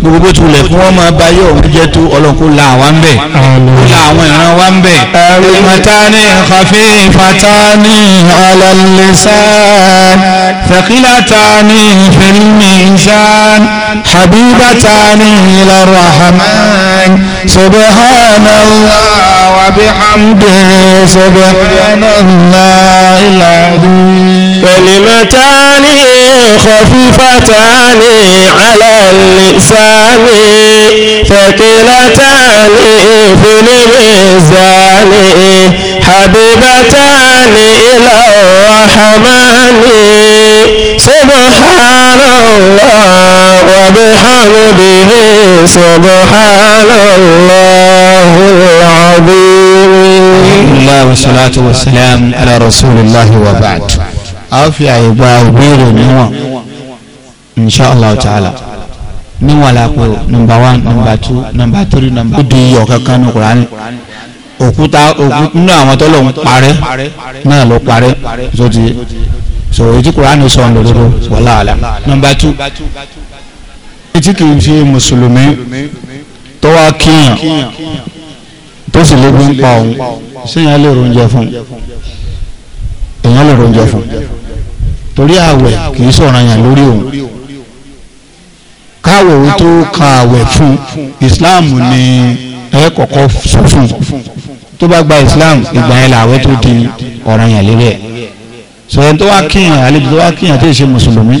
gbogbo bó ti wulẹ̀ kí wọ́n máa bá yé òun jẹ́ tó ọlọ́run kó la àwa ń bẹ̀ kó la àwọn ìran wa ń bẹ̀. kalimatani khafifatani ala al-lisan thaqilatani fil mizan habibatani ila rahman subhanallah wa bihamdihi subhanallah ilàdí. كلمتان خفيفتان على اللسان ثقيلتان في الميزان حبيبتان إلى الرحمن سبحان الله وبحمده سبحان الله العظيم الله والصلاة والسلام على رسول الله وبعد a ó fi àyè gba ìbéèrè níwọ̀n insha allah ta'ala níwọ̀n la pé nọmba one nọmba two nọmba three nọmba. ó di ọ̀kankan ní Kùránì òkúta òkúta nínú àwọn tó lòun parẹ́ náà ló parẹ́ sóti so etí Kùránì sọ ọ́n lòdòdò wàlá àlà nọmba two etí kì í ṣe mùsùlùmí tó wá kíyàn tó sì lébi ń pa òun ṣé èèyàn lè ronjẹ fún èèyàn lè ronjẹ fún torí àwẹ̀ kì í sọ̀ràn yàn lórí òun káwẹ̀ ó tó ka àwẹ̀ fún Islam ni ẹ kọ́kọ́ sọ fún tó bá gba Islam ìgbà yẹn làwẹ̀ tó di ọ̀ràn yàn lérí ẹ̀ sọ̀rọ̀ tó wá kíyàn àlejò tó wá kíyàn tí ṣe mùsùlùmí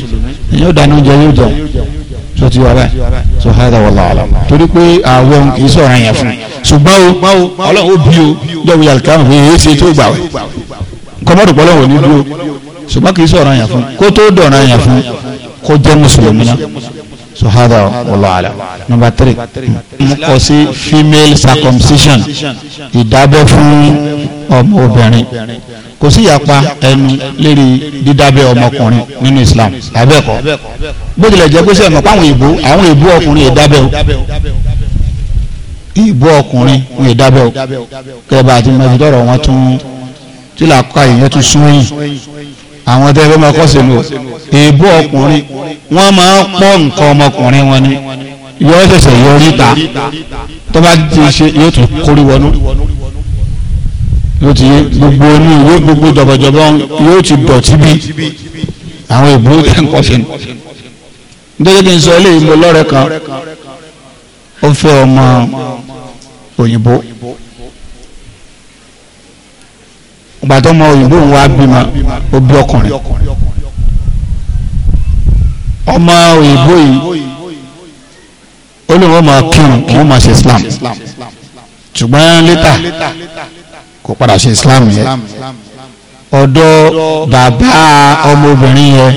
yóò dáná oúnjẹ yóò jẹun tó ti wà báyìí so hada wallahu alam torí pé àwẹ̀ òun kì í sọ̀rọ̀ yẹn fún ṣùgbọ́n o ọlọ́run ó bí o jọ̀wọ́ yàrá kàwọn èyí ṣe tó gbà wẹ̀ kọ́mọ́dù pọ́lọ́wọ̀ ṣùgbọ́n kì í sọ̀rọ̀ àyàn fún kó tó dọ̀rọ̀ àyàn fún kó jẹ́ mùsùlùmí náà so hada wallahu alam number three mo kọ sí female circumcision ìdábẹ́ fún ọmọ obìnrin kò sí ìyapa ẹnu lérí dídábẹ́ ọmọkùnrin nínú Islam abẹ́ẹ̀kọ́ bó tilẹ̀ jẹ́ pé sẹ́yìn mọ̀ pé àwọn ìbò àwọn ìbò ọkùnrin ìdábẹ́ o ìbò ọkùnrin ń ìdábẹ́ o kẹ́ẹ̀bà àti mọ̀jútọ́rọ̀ wọn tún tílà ká èèyàn tún sún yìí àwọn tẹ́lẹ̀ máa kọ́ sínú èébú ọkùnrin wọ́n máa ń pọ́ nǹkan ọmọkùnrin wọn ni yóò ṣẹ̀ṣẹ̀ yọ níta tó bá ti ṣe yóò tún kórí wọnú yóò ti gbogbo inú yóò gbogbo jọ̀bọ̀jọ̀bọ̀ yóò ti dọ̀tí bí àwọn èébú tẹ́ ń kọ́ sínú nítorí kí n sọ eléyìí mo lọ́rẹ̀ẹ́ kan ó fẹ́ ọmọ òyìnbó gbàtọ́ ma òyìnbó òun wá bímọ ó bí ọkùnrin ọmọ òyìnbó yìí ó lè wọ́n máa wọ́n máa ṣe islam ṣùgbọ́n lẹ́tà kò padà ṣe islam yẹn ọ̀dọ̀ bàbá ọmọbìnrin yẹn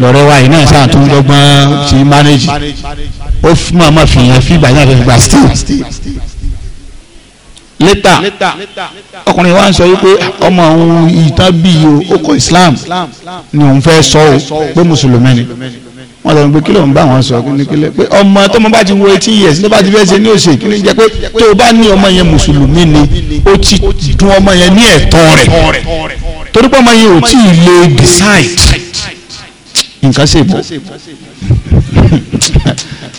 lọ́rẹ́ wa yìí náà sáà tó ń dọ́gbọ́n sí mánéjì ó fún màmá fìyàn fìgbà yẹn fẹ́ gbà steve lẹ́tà ọkùnrin wa ń sọ wípé ọmọ àwọn ìtàbí o kọ Islam ni òun fẹ́ sọ o pé mùsùlùmí ni wọ́n sọ pé kí ló ń bá wọn sọ kí ni kí lè pé ọmọ tó mo bá ti wo eighteen years ló bá ti fẹ́ ṣe ní òṣè kí ni jẹ́ pé tó o bá ní ọmọ yẹn mùsùlùmí ni ó ti dùn ọmọ yẹn ní ẹ̀tọ́ rẹ̀ torí pé ọmọ yẹn ò tí ì lè decide nǹkan ṣe bò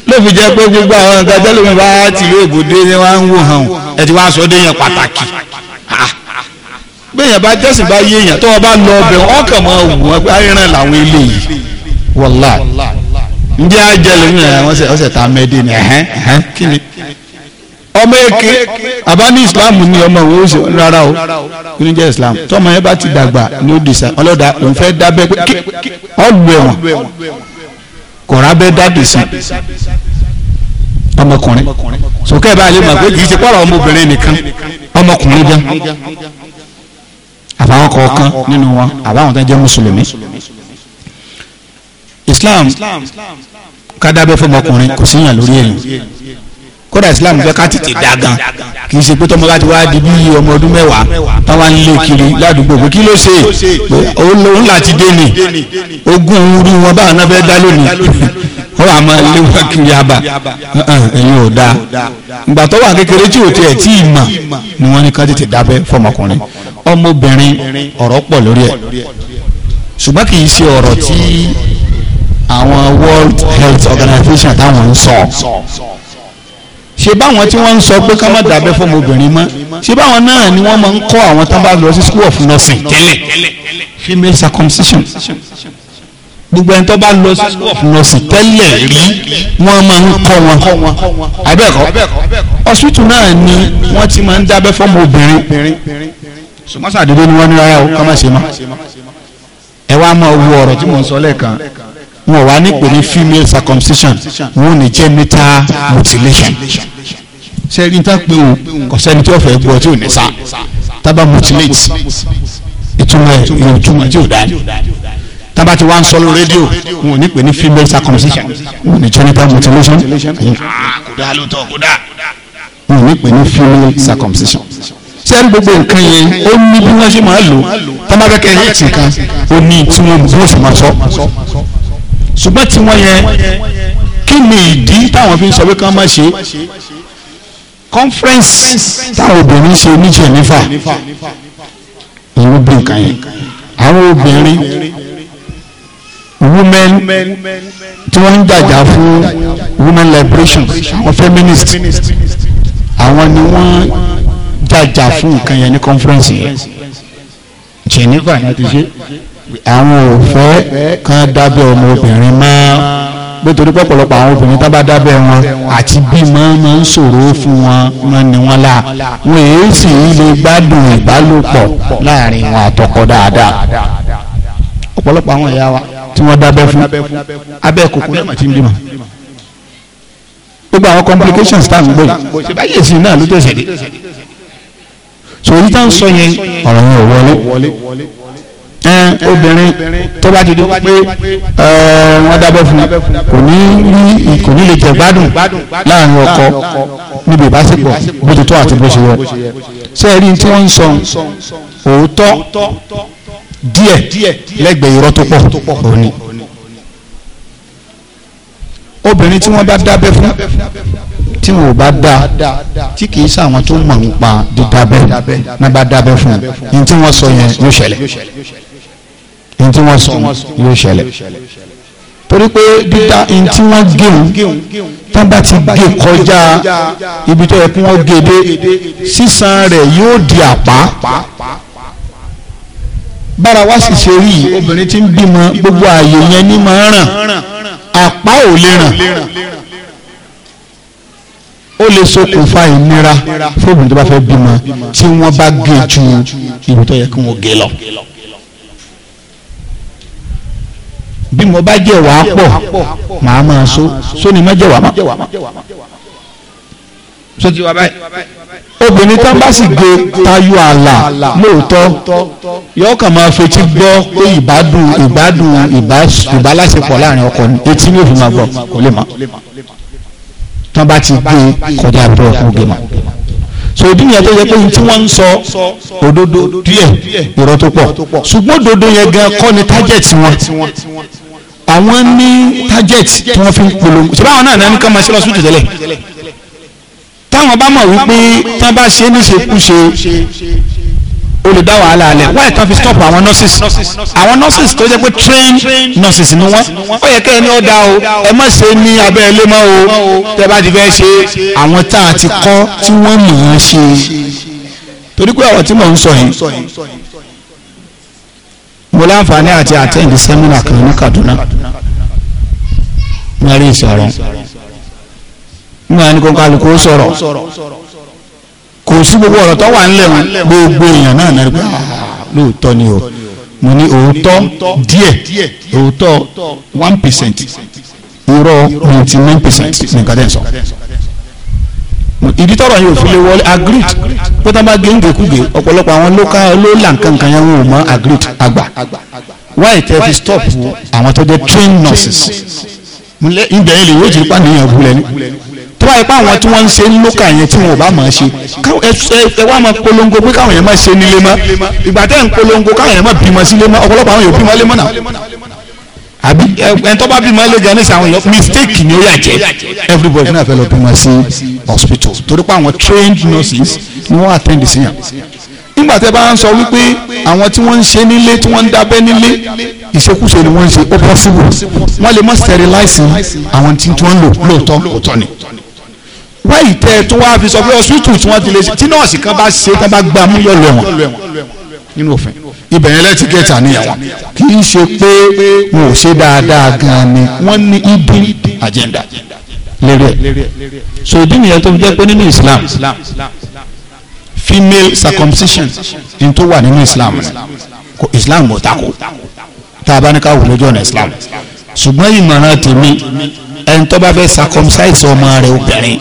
ló fi jẹ́ pé gbogbo àwọn nǹkan tẹ́lẹ̀mí bá ti ìlú èbúdé ni wọ́n ń wò hàn ẹ̀ tí wọ́n aṣọ dé yẹn pàtàkì ah. bẹ́ẹ̀ yẹn bá tẹ̀sí bá yé yẹn tó o bá lọ ọbẹ̀ ọkàn mọ́ wù wọ́n pé ayéran làwọn eléyìí wọ́lá ǹjẹ́ àjẹlẹ̀ mi rẹ̀ wọ́n sẹ̀ ta mẹ́dẹ́ ni ẹ̀hẹ́n kí ni ọmọ èké àbá ní islam ni ọmọ òun ó ṣe rárá o kí ni jẹ́ islam tọ́mọ yẹn bá ti dàgbà ní òdìsá ọlọ́dà òun fẹ́ dábẹ́ pé kí ọ̀lù ẹ̀wọ̀n kọ̀ọ̀rá bẹ́ dábì sí ọmọkùnrin sókè bá a lè mọ̀ pé kì í ṣe pọ̀rọ̀ ọmọbìnrin nìkan ọmọkùnrin gan àbáwọn kọ̀ọ̀kan nínú wọn àbáwọn tó jẹ́ mùsùlùmí islam ká dábẹ́ fún ọmọkùnrin kò síyàn lórí èèyàn. kódà islam jẹ ká tètè dá gan kì í ṣe pé tọmọ láti wá di bí ọmọ ọdún mẹ́wàá táwa ń lé kiri ládùúgbò pé kí ló ṣe òun láti dé ni ogún orí wọn báwọn náà fẹ́ dá lónìí ó wà máa lé kiri aba ò ìgbà tó wà kékeré tí ò tiẹ̀ tí ì mà ni ní ká tètè fọmọkùnrin ọmọbìnrin lórí kì ṣe báwọn tí wọ́n ń sọ pé ká má dábẹ́ fún obìnrin mọ́ ṣe báwọn náà ni wọ́n máa ń kọ́ àwọn tó bá lọ sí school of nursing tẹ́lẹ̀ female circumcision gbogbo ẹni tó bá lọ sí school of nursing tẹ́lẹ̀ rí wọ́n máa ń kọ́ wọn abẹ́ẹ̀kọ́ hospital náà ni wọ́n ti máa ń dábẹ́ fún obìnrin sọmọ́sàdédé ni wọ́n ní rárá o ká má ṣe má ẹ wá máa wo ọ̀rọ̀ tí mò ń sọ lẹ́ẹ̀kan wọn wà ní pè ní female circumcision wọn ò ní genital mutilation ṣe rí níta pé o kò sẹ́ni tí ó fẹ́ gbọ́ tí ò ní sá tábà mutilate ìtumọ̀ ìyẹn ìtumọ̀ tí ò dá ní tábà tí wọ́n ń sọ lórí rédíò wọn ò ní ní female circumcision wọn ò ní genital mutilation kò dá lóòótọ́ kò dá wọn ò ní pè ní female circumcision sẹ́ni ah, gbogbo nǹkan yẹn ó ní bí wọ́n ṣe máa lò tábà bẹ́ẹ̀ kẹ́ ẹ̀ ẹ̀ tì kan ó ní tí wọ́n bó ṣe máa sọ ṣùgbọ́n tí wọ́n yẹ kí ni ìdí táwọn fi ń sọ pé kí wọ́n má ṣe conference táwọn obìnrin ṣe ní Geneva ìlú blinkan yẹn àwọn obìnrin women tí wọ́n ń jàjà fún women liberation àwọn feminist àwọn ni wọ́n jàjà fún nǹkan yẹn ní conference yẹn Geneva ni a ti ṣe àwọn ò fẹ́ kán dábẹ́ ọmọbìnrin mọ́ nítorí pọ̀pọ̀lọpọ̀ àwọn obìnrin tá bá dábẹ́ wọn àti bímọ máa ń ṣòro fún wọn máa ní wọn la wọn èyí sì ń lè gbádùn ìbálòpọ̀ láàrin wọn àtọkọ dáadáa ọ̀pọ̀lọpọ̀ àwọn ìyá wa tí wọ́n dábẹ́ fún abẹ́ kòkó lẹ́mọ̀ tí ń bímọ gbogbo àwọn complications tá à ń gbọ́ yìí ṣe báyìí èsì náà ló tẹ̀sẹ̀ dé so èyí tá à ń sọ yẹn ọ̀rọ̀ yẹn ò wọlé ẹn obìnrin tó bá ti di pé wọ́n dábẹ́ fún kò ní rí kò ní lè jẹ gbádùn láàrin ọkọ níbi ìbáṣepọ̀ bó ti tó àti bó ṣe yẹ ṣé ẹ rí tí wọ́n ń sọ òótọ́ díẹ̀ lẹ́gbẹ̀ẹ́ irọ́ tó pọ̀ òní obìnrin tí wọ́n bá dábẹ́ fún tí wọn ò bá dá tí kì í ṣàwọn tó mọ̀ nípa dídábẹ́ náà bá dábẹ́ fún un ní tí wọ́n sọ yẹn yóò ṣẹlẹ̀ ntí wọ́n sọ yóò ṣẹlẹ̀ torí pé dídá ntí wọ́n géun tán bá ti gé kọjá ibi tó yẹ kí wọ́n gé dé sísan rẹ̀ yóò di àpá bára wa sì ṣe rí obìnrin tí ń bímọ gbogbo ààyè yẹn ní máa ń ràn àpá ò lè ràn ó lè ṣokùnfà ìnira fóònù tó bá fẹ́ bímọ tí wọ́n bá gé ju ibi tó yẹ kí wọ́n gé lọ. bí mo bá jẹ wàá pọ̀ màá máa so sóni má jẹ wàá má so ti wà báyìí obìnrin tán bá sì gbé tayọ àlà lóòótọ́ yóò kàn máa fetí gbọ́ pé ìbádùn ìbádùn ìbálàṣepọ̀ láàrin ọkọ ni etí ní òfin máa gbọ́ kò lè mọ́ tán bá ti gbé kọjá bí ọkọ gbé mọ́ so ìdí yẹn tó yẹ pé tí wọ́n ń sọ òdodo díẹ̀ irọ́ tó pọ̀ ṣùgbọ́n òdodo yẹn gan kọ́ ni tájẹ̀ tiwọn àwọn ní target tí wọ́n fi ń polongo ṣé báwọn náà náà ní ká máa ṣe lọ́sùn tẹ̀lẹ̀ táwọn bá mọ̀ wípé tí wọ́n bá ṣe é níṣekúṣe o wàhálà alẹ̀ wọ́n tán fi stop àwọn nurses àwọn nurses tó jẹ́ pé train nurses ni wọ́n ó yẹ kẹ́ ẹ ní ó dá o ẹ má ṣe ní abẹ́ ilé mọ́ o tẹ́ bá ti fẹ́ ṣe àwọn tá a ti kọ́ tí wọ́n mọ̀ ọ́n ṣe torí pé àwọn tí mò ń sọ yìí mo láǹfààní àti àtẹ́ǹdì sẹ́mínà kan ní Kaduna mẹ́rin ìsọ̀rọ̀ nígbà ní kó kálukú sọ̀rọ̀ kò sí gbogbo ọ̀rọ̀ tó wà nílẹ̀ gbogbo èèyàn náà náà gbà ah, lóòótọ́ ni o mo ní òótọ́ díẹ̀ òótọ́ one percent irọ́ ninety nine percent nìkan dẹ̀ sọ ibi tọrọ yìí ò fi lè wọlé agrit pé tá bá gé ngèkúgè ọ̀pọ̀lọpọ̀ àwọn lóka ló là nkankan yẹn wọn ò mọ agrit àgbà why tẹ fi stop àwọn tó jẹ trained nurses ibẹ̀ yẹn lè yóò jẹ́ pàníyàn wulẹ̀ ni tó báyìí pé àwọn tí wọ́n ń ṣe ń lókà yẹn tí wọn ò bá máa ṣe ẹ wá máa polongo pé káwọn yẹn máa ṣe nílé mọ́ ìgbà tẹ́ ń polongo káwọn yẹn máa bímọ sílé mọ́ ọ̀pọ̀lọpọ̀ àwọn yóò bímọ lé mọ́ náà àbí ẹ ẹ tó bá bímọ lé gan ní sàwọn mistake ni ó yà jẹ everybody náà fẹ́ lọ bímọ sí hospital torí pé àwọn trained nurses ni wọ́n attend sí yàn nígbà tẹ́ bá ń sọ wípé àwọn tí wọ́n ń ṣe nílé tí wọ́n ń dábẹ́ nílé ìṣekúṣe ni wọ́n ń ṣe ó possible wọ́n lè mọ̀ sterilize àwọn tí wọ́n ń lò lóòótọ́ òótọ́ ni wáyìí tẹ́ ẹ tó wá fi sọ pé hospital tí wọ́n ti lè ṣe tí nọ́ọ̀sì kan bá ṣe tán bá gbà mú yọ̀ lẹ́wọ̀n nínú òfin ibẹ̀ yẹn lẹ́tí gẹ̀ẹ́tà níyàwó kì í ṣe pé wọn ò ṣe dáadáa gan-an ni wọ́n ní ibi agenda. agenda lérí ẹ̀ so ìdí nìyẹn tó fi jẹ́ pé nínú Islam female circumcision ní tó wà nínú Islam kò Islam ò takò tá a bá ní ká wò lójú ọ̀nà Islam ṣùgbọ́n ìmọ̀ràn tèmi ẹni tó bá fẹ́ circumcise ọmọ rẹ̀ obìnrin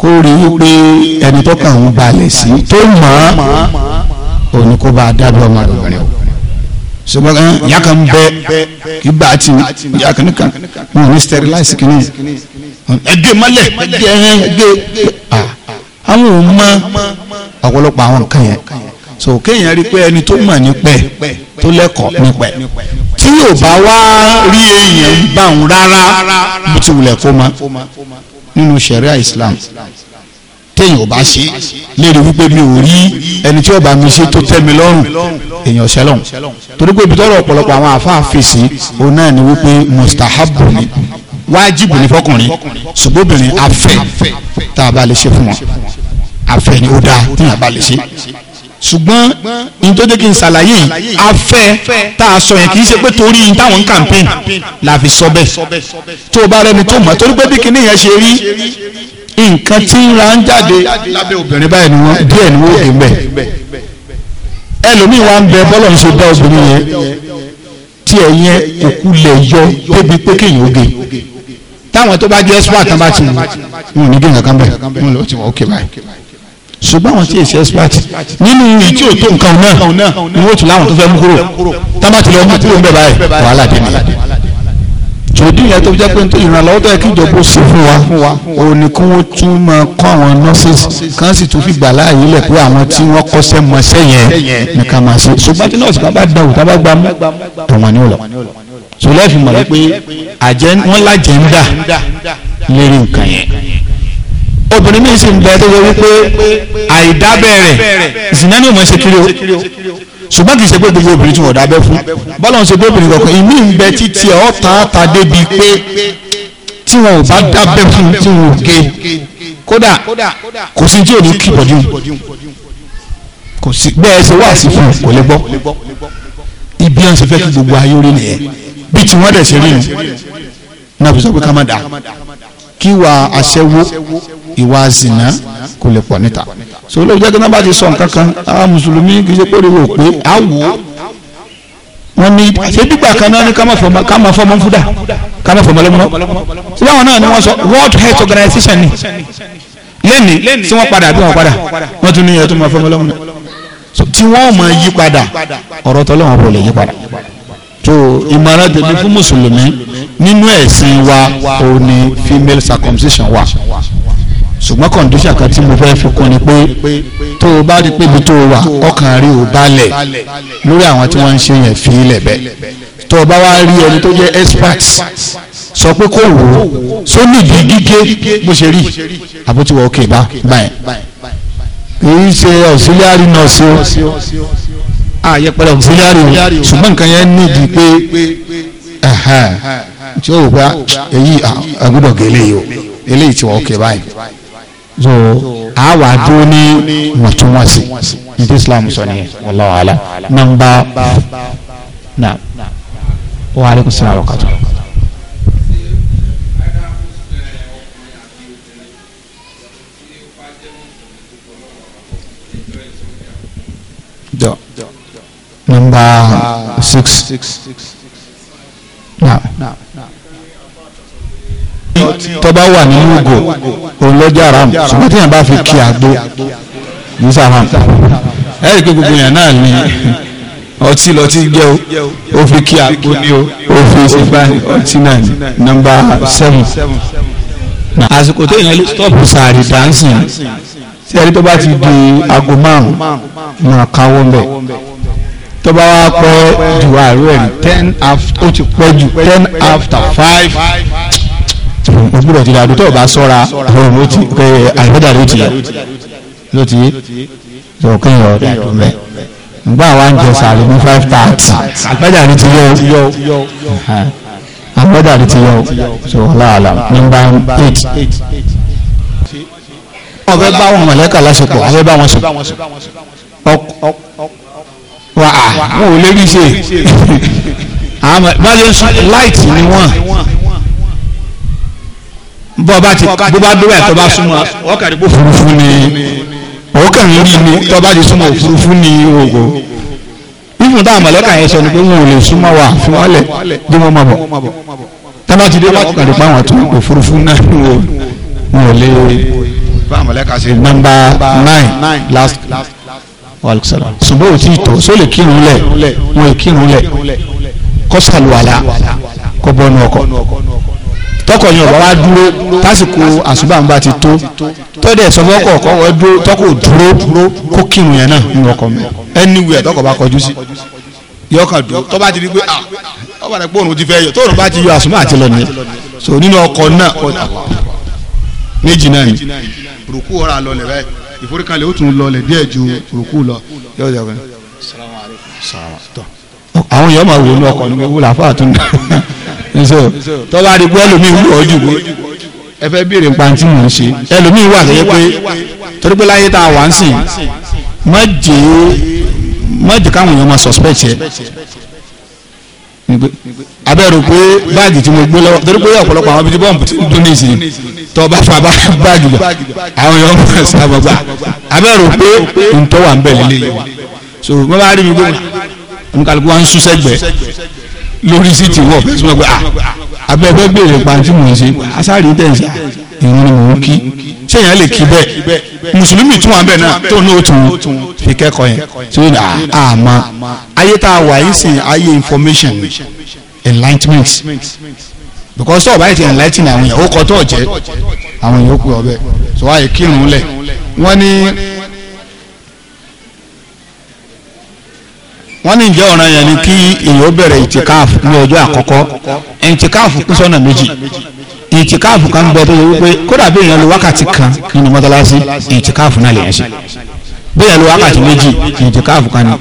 kó rí wípé ẹni tó kàn ń balẹ̀ sí tó mọ̀ ọ́ òní kó bá a dábọ̀ ọmọ rẹ̀ obìnrin o sọgbọn eh, ya kan bẹ ibà ti ya kan kan wọn ni sterilize kìíní ẹgbẹ mọlẹ ẹgbẹ ẹgbẹ ah, àwọn ò mọ ọ̀pọ̀lọpọ̀ àwọn nǹkan yẹn so kéèyàn rí pé ẹni tó mọ̀ nípẹ́ tó lẹ́kọ̀ọ́ nípẹ́ tí yóò bá wá rí èèyàn bá òun rárá bó ti wulẹ̀ kó ma nínú ṣẹ̀ríà Islam. Islam téèyàn ò bá ṣe léèrè wípé mi ò rí ẹni tí ọba mi ṣe tó tẹ́ mi lọ́rùn èèyàn ṣẹlọ̀ torí pé ibi tọ́rọ̀ ọ̀pọ̀lọpọ̀ àwọn àáfàá fèsì òun náà ni wípé mustahabu ni wájibù ní fọkùnrin ṣùgbọ́n afẹ́ tá a bá lè ṣe fún wọn afẹ́ ni ó dáa tí a bá lè ṣe ṣùgbọ́n ní tó dé kí n ṣàlàyé yìí afẹ́ tá a sọ yẹn kì í ṣe pé torí táwọn ń campaign la fi sọ bẹ́ẹ̀ tó o bá rẹni tó mọ̀ torí pé bí kinní yẹn ṣe rí nǹkan tí ń ra ń jáde lábẹ́ obìnrin báyìí ni wọ́n díẹ̀ ni wọ́n gbé mbẹ́ ẹlòmíín wa ń bẹ bọ́lọ̀ ń ṣe dá obìnrin yẹn tí ẹ yẹn òkú lẹ̀ yọ débi pé kéèyàn oge táwọn tó bá jẹ́ expert tán bá ti wù ní gbìyànjú kan bẹ́ẹ̀ wọ́n lọ́ọ́ ti wọ́n ókè báyìí ṣùgbọ́n àwọn tí èsì expert nínú ìyí ò tó nǹkan náà ni wọ́n tún láwọn tó fẹ́ mú kúrò tá bá ti lọ mú kúrò ń bẹ̀ báyìí wàhálà dé nìyẹn ìdí yẹn tó jẹ́ pé ìrànlọ́wọ́ tó yẹ kí ìjọba ṣe fún wa òun ni kí wọ́n tún máa kọ́ àwọn nurses kan sì tún fi gbà láàyè lẹ̀ pé àwọn tí wọ́n kọ́ṣẹ́ mọṣẹ́ yẹn ní ká máa ṣe ṣùgbọ́n tí nọ́ọ̀sì kan bá dán òun tá bá gbá mú tọ̀wọ́n ní òlọ. sọlá mọ̀ wípé àjẹ wọn ń dà lérí nǹkan yẹn obìnrin mi sì ń bẹ tó yẹ wípé àìdábẹ̀rẹ̀ ìsìnlẹ̀ ni ò ṣùgbọ́n kì í ṣe pé gbogbo obìnrin tí wọ́n dábẹ́ fún bọ́lá ń ṣe pé obìnrin kọ̀ọ̀kan ìmí ń bẹ títí ọ̀ tààtà débi pé tí wọn ò bá dábẹ́ fún tí wọn ò gé kódà kò sí tí ò ní kí kò sí bẹ́ẹ̀ ṣe wá sí fún kò lè gbọ́ ibi à ń ṣe fẹ́ kí gbogbo ayé rí nìyẹn bí tí wọ́n dẹ̀ ṣe rí ni náà fi sọ pé ká má dà kí wàá aṣẹ́wó ìwà àsìná kò lè pọ̀ níta so ló jẹ́ kí náà bá ti sọ nǹkan kan àwọn mùsùlùmí kì í ṣe pé ó wò pé á wò ó wọ́n ní ṣé dìgbà kan náà ní ká máa fọmọ fúdà ká máa fọmọ lẹ́mọ́ sí báwọn náà ni wọ́n sọ World Health Organization ni lẹ́ni tí wọ́n padà bí wọ́n padà wọ́n tún ní ẹ̀ tó máa fọmọ lẹ́mọ́ tí wọ́n máa yí padà ọ̀rọ̀ tọ́lọ́wọ́n kò lè yí padà tó ìmọ̀ràn tèmi fún mùsùlùmí nínú ẹ̀sìn wa òun female circumcision wa ṣùgbọ́n kọ̀ǹdíṣà kan tí mo fẹ́ fi kún ni pé tó o bá rí pé ibi tó o wà ọkàn rí o balẹ̀ lórí àwọn tí wọ́n ń ṣe yẹn fi ilẹ̀ bẹ́ẹ̀ tó o bá wá rí ẹni tó jẹ́ expert sọ pé kò wò ó só nídìí gígé bó ṣe rí àbótiwọ̀ òkè bá báyìí kì ṣe auxiliary nurse o àyẹpẹrẹ auxiliary o ṣùgbọ́n nǹkan yẹn nídìí pé tí o wò pé ah, èyí àgùdọ̀ ah, gẹ̀lẹ́ o eléyìí ti wọ̀ òkè báyìí so àwa duni ní wọ̀túnwọ̀sì ní tí Islam sọ nìyẹn wallahu ala na wa aleykum salaam wa rahmatulah. Number six. six. six. six. No. no tọ́ba wà nínú ògò òun lọ́jọ́ àràm ṣùgbọ́n tí yẹn bá fi kí àgbo ní sàràm ẹ rí i pé gbogbo yẹn náà ní ọtí lọtí jẹ́ o ó fi kí àgbo ní o ó fi ṣe báyìí ọtí náà ní nọ́mbà seven àsìkò tó yẹn lè stop sàárì dancing tí ẹni tó bá ti di aago márùn máa káwọ́ mbẹ̀ tó bá wá pẹ́ jù àárọ̀ ẹ̀ ten after ó ti pẹ́ jù ten after five ìgbúrọ̀ ti dàdú tó bá sọ́ra àìfẹ́dà ló ti yẹ ló ti yé tó kéèyàn dàdú mẹ́ ngbà wa ń jẹ sàrí ní five thirty àìfẹ́dà ló ti yẹ o àìfẹ́dà ló ti yẹ o so láàlà nígbà eight wọ́n fẹ́ bá wọn mọ̀lẹ́kà lásìkò wọ́n fẹ́ bá wọn sùn wà á wọn ò lérí ṣe báyìí light ni wọ́n bó bá ti bó bá dúró ẹ̀ tó bá súnmọ́ ọkàrí kó ni ọkàn ń rí ni tó bá ti súnmọ́ òfuruufú ni ògo ìfún táwọn mọ̀lẹ́kà yẹn sọ ni pé wọn ò lè súnmọ́ wa fi wọ́n lẹ̀ bí wọ́n máa bọ̀ tábà ti dé wọ́n ọkàrí pa àwọn tó òfuruufú náà wọn ò lè bá nine last wàlùsàlà ṣùgbọ́n ò tí ì tọ́ sólè kírun lẹ̀ wọn ò kírun lẹ̀ kọ́sàlùwàlà kọ́ bọ́nu ọkọ̀. tọkọ yẹn ọba wa dúró tásìkò ti tó tọ́dẹ̀ sọfọ́kọ̀ ọkọ wọn dúró tọkọ dúró kó kírun yẹn náà nínú ọkọ mi tọkọ bá kọjú sí yọkàn dúró tọ́ba ti di pé ah ọba rẹ̀ pọ́ùn ti fẹ́ yọ bá ti yọ àti lọ nìyẹn so nínú náà méjì náà ni burúkú so tọ́ba àdìgbò ẹlòmíì wù ọ́ jù pé ẹ fẹ́ béèrè nǹkan tí mò ń ṣe ẹlòmíì wà lẹ́yẹ pé torí pé láyé tá a wà ń sìn má jẹ́ má jẹ́ káwọn èèyàn máa suspect yẹ abẹ́rù pé báàgì tí mo gbé lọ́wọ́ torí pé ọ̀pọ̀lọpọ̀ àwọn bíi bọ́ǹbù tí ń dún ní ìsìn tọ́ba fún abá báàgì lọ àwọn èèyàn máa sábà gbà abẹ́rù pé ntọ́wà ń bẹ̀ lélẹ́yìn so wọ́n bá rí mi gbé wọn kálukú wa ń sún sẹ́gbẹ̀ẹ́ lórí sí ti wọ̀ tí wọ́n gbé à abẹ́fẹ́ béèrè pàǹtí mò ń ṣe asáàrí tẹ̀sí ìrún ni mò ń kí sẹ́yìn lè kí bẹ́ẹ̀ mùsùlùmí tún wà bẹ́ẹ̀ náà tó ní òtún fi kẹ́kọ̀ọ́ yẹn tí ó ní àmà ah, ayé tá a wà yìí sìn ayé information enlightenment because tó o bá yẹ ti enlighten àwọn yẹn ó kọ́ tó o jẹ́ àwọn yẹn ó pè ọ bẹ́ẹ̀ so wáyé kírun lẹ̀ wọ́n ní. wọ́n ní ìjẹ́ ọ̀ràn yẹn ni kí èèyàn bẹ̀rẹ̀ ìtìkáàfù ní ọjọ́ àkọ́kọ́ ìtìkáàfù kún sọ́nà méjì ìtìkáàfù kan gbẹ tó yẹ wípé kódà bí èèyàn lo wákàtí kan nínú mọ́tálásí ìtìkáàfù náà lè yẹn ṣe bí èèyàn lo wákàtí méjì ìtìkáàfù kan ni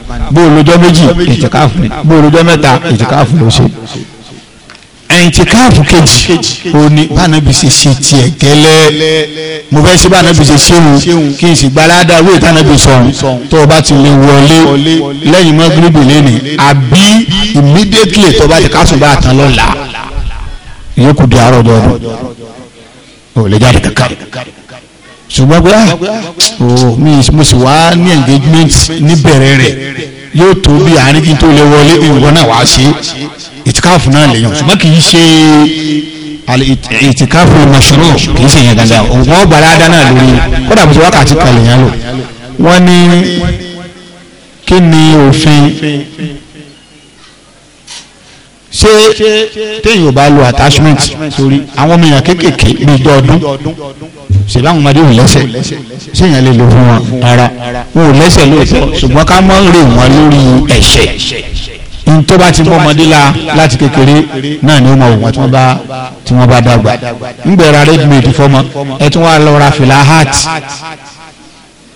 ni bó mẹ́ta ìtìkáàfù ẹ̀ǹtì káàfù kejì ó ní bánabi ṣe ṣe tiẹ̀ gẹ́lẹ́ mo fẹ́ ṣe bánabi ṣe ṣéun kí n sì gbalada wíì tánabi sọ̀rùn tó o bá ti lè wọlé lẹ́yìn mọ́gìrìbì lẹ́nìí àbí immediately tó o bá ti kásùn bá tán lọ́la ìyókù di àárọ̀ dọ́dún ò lè jáde kankan ṣùgbọ́n pé ah mo sì wá ní engagement níbẹ̀rẹ̀ rẹ̀ yóò tó bí tó lè wọlé ìwọ náà wá ṣe ìtìkáàfù náà lèyàn ṣùgbọ́n kì í ṣe ìtìkáàfù mọ̀ṣúrò kì í ṣe yẹn dandan wọ́n gbà ládá náà lórí kódà bó ṣe wákàtí kan lèyàn lò wọ́n ní kí ni òfin ṣé téèyàn ò bá lo attachment sórí àwọn ọmọ èèyàn kéékèèké bíi dọ́ọ̀dún ṣèlú àwọn ọmọdé ò lẹ́sẹ̀ ṣéèyàn lè lò fún wọn rárá wọn ò lẹ́sẹ̀ lóòótọ́ ṣùgbọ́n ká mọ́ rè wọ́n lórí ẹ̀ṣẹ̀ tó bá ti mọ́mọdé la láti kékeré náà ni ó máa wò wọ́n tí wọ́n bá tí wọ́n bá dàgbà ń bẹ̀rẹ̀ ready made fọmọ ẹ tún wá lọ ra fìlà hat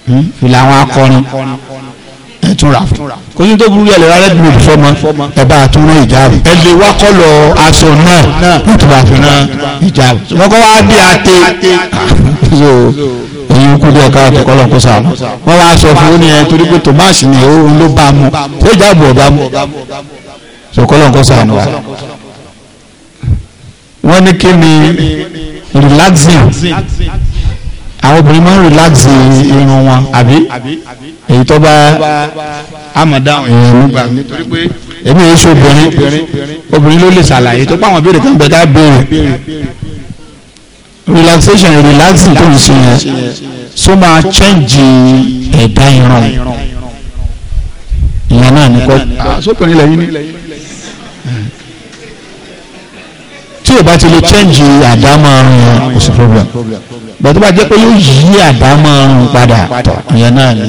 hmm? fìlà àwọn akọrin ẹ tún rà fún kò ní tó burú yẹ lè ra ready made fọmọ ẹ bá a tún rán ìjáàbù ẹ lè wá kọlọ aṣọ náà nítorí àfihàn ìjáàbù ṣùgbọ́n kó wá bí a tẹ so kú díẹ̀ káàtó kọ́lọ̀ kó sàánú wọ́n wá sọ fún ní ẹ torí pé Thomas ni òun ló bá mu ṣé ìjáàbù ọ̀bá mu sọ kọ́lọ̀ kó sàánú wa. wọ́n ní kí ni relaxing àwọn obìnrin máa ń relaxi irun wọn àbí èyí tó bá amadáhùn èèyàn nígbà nítorí pé èmi èyí ṣe obìnrin obìnrin ló lè ṣàlàyé tó pàwọn béèrè kan bẹ béèrè relaxation relaxing tó ń ṣe yẹn so máa chẹ́ǹjì ẹ̀dá ìran ìyẹn náà ní kọ́ ah, sóbìnrin lẹ́yìn ni tí o bá ti lè chẹ́ǹjì àdámọ́ ọrùn yẹn kò sí problem bàtú bá jẹ́ pé yóò yí àdámọ́ ọrùn padà ìyẹn náà ni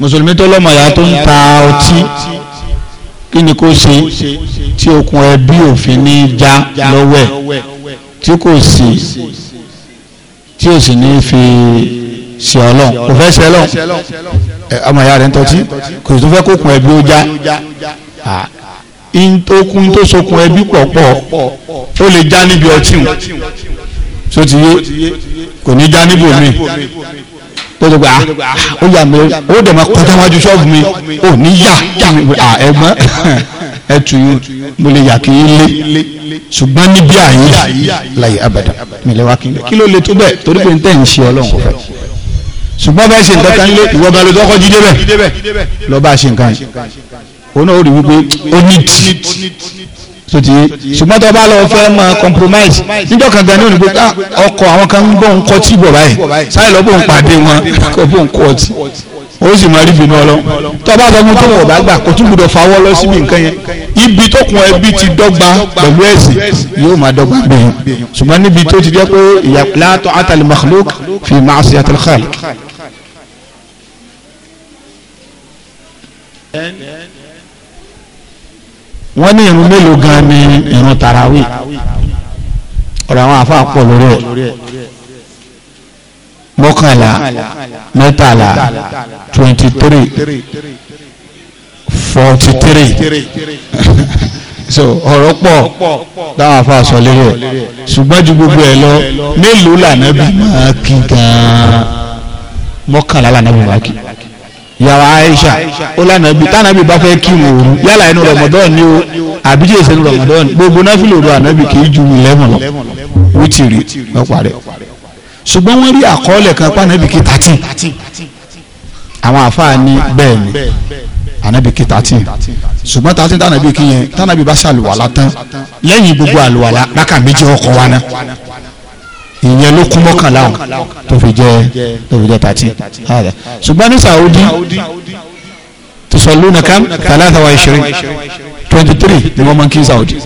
mùsùlùmí tó lọ́mọ ìyá tó ń ta ọtí kí ni kó ṣe tí okùn ẹbí òfin ní já lọ́wọ́ ẹ̀ tí kò sí tí o sì ní fi ṣe ọlọ́run kò fẹ́ ṣe ọlọ́run ẹ ọmọ ìyá rẹ̀ ń tọ́tí kò sì tún fẹ́ kó kun ẹbí ó já okun tó sokun ẹbí pọ̀pọ̀ ó lè já níbi ọtí mu tó ti yé kò ní já níbo mi tó ti gbà á ah, ó yà mí ó dẹ̀ máa kọjá wájú ṣọ́ọ̀bù mi ò ní yà ẹ̀gbọ́n ẹ tù yóò mo lè yà kí n lé ṣùgbọ́n níbí àyè láyé abàdà mílẹ̀ wá kí n lé kí ló lè tó bẹ́ẹ̀ torí pé n tẹ̀ ń ṣe ọlọ́run kò fẹ́ ṣùgbọ́n bẹ́ẹ̀ ṣe nǹkan kan lé ìwọ balẹ̀ tọkọ jí débẹ̀ lọ bá ṣe nǹkan yìí òun náà ó rí wípé ó ní tì tó ti ṣùgbọ́n tó bá lọ fẹ́ máa compromise níjọ́ kan gan ní òní pé ah, ọkọ̀ àwọn kan ń bọ̀ ń kọ́ tí bọ̀ báyìí sáyẹ̀ lọ́ bò ń pàdé wọn kò bò ń kọ́ ọtí ó sì máa rí bínú ọlọ́ tó bá sọ fún tó wọ̀ bá gbà kó tún gbọdọ̀ fawọ́ lọ síbi nǹkan yẹn ibi tó kun ẹbí ti dọ́gba pẹ̀lú ẹ̀sìn yóò máa dọ́gba bẹ́ẹ̀ ṣùgbọ́n níbi tó ti jẹ́ pé ìyàpẹ́lẹ́tọ̀ àtàlẹ́ makhluk fi ma'siyatil khaliq. wọ́n ní irun mélòó gan ni irun tarawe ọ̀rọ̀ àwọn àfa pọ̀ lórí ẹ̀ mọ́kànlá mẹ́tàlá twenty three forty three so ọ̀rọ̀ pọ̀ táwọn afa sọ lérò ṣùgbọ́n ju gbogbo ẹ̀ lọ mélòó lànàbí máa kí gan-an mọ́kànlá lànàbí máa kí yàrá Aisha ó lànàbí tànàbí bá fẹ́ kí wò ó yálà inú Ramadan ni ó àbíjẹ́ ìṣẹ́nu Ramadan gbogbo náfìlì òru ànàbí kì í ju eleven lọ wítìrì lọ́pàá rẹ̀ ṣùgbọ́n wọ́n rí àkọọ́lẹ̀ kan pànàbí kí thirteen àwọn afa ni bẹ́ẹ̀ ni anabi kí thirteen ṣùgbọ́n thirteen tànàbí kí yẹn tànàbí bá ṣàlùwàlá tán lẹ́yìn gbogbo àlùwàlá rákà méjì ọkọ̀ wa ná ìyẹn ló kún mọ́kànlá o tó fi jẹ́ tó fi jẹ́ thirteen ṣùgbọ́n ní Saudi tusaluna kam thalatha wa ishirin twenty three ni wọ́n máa ń kí Saudi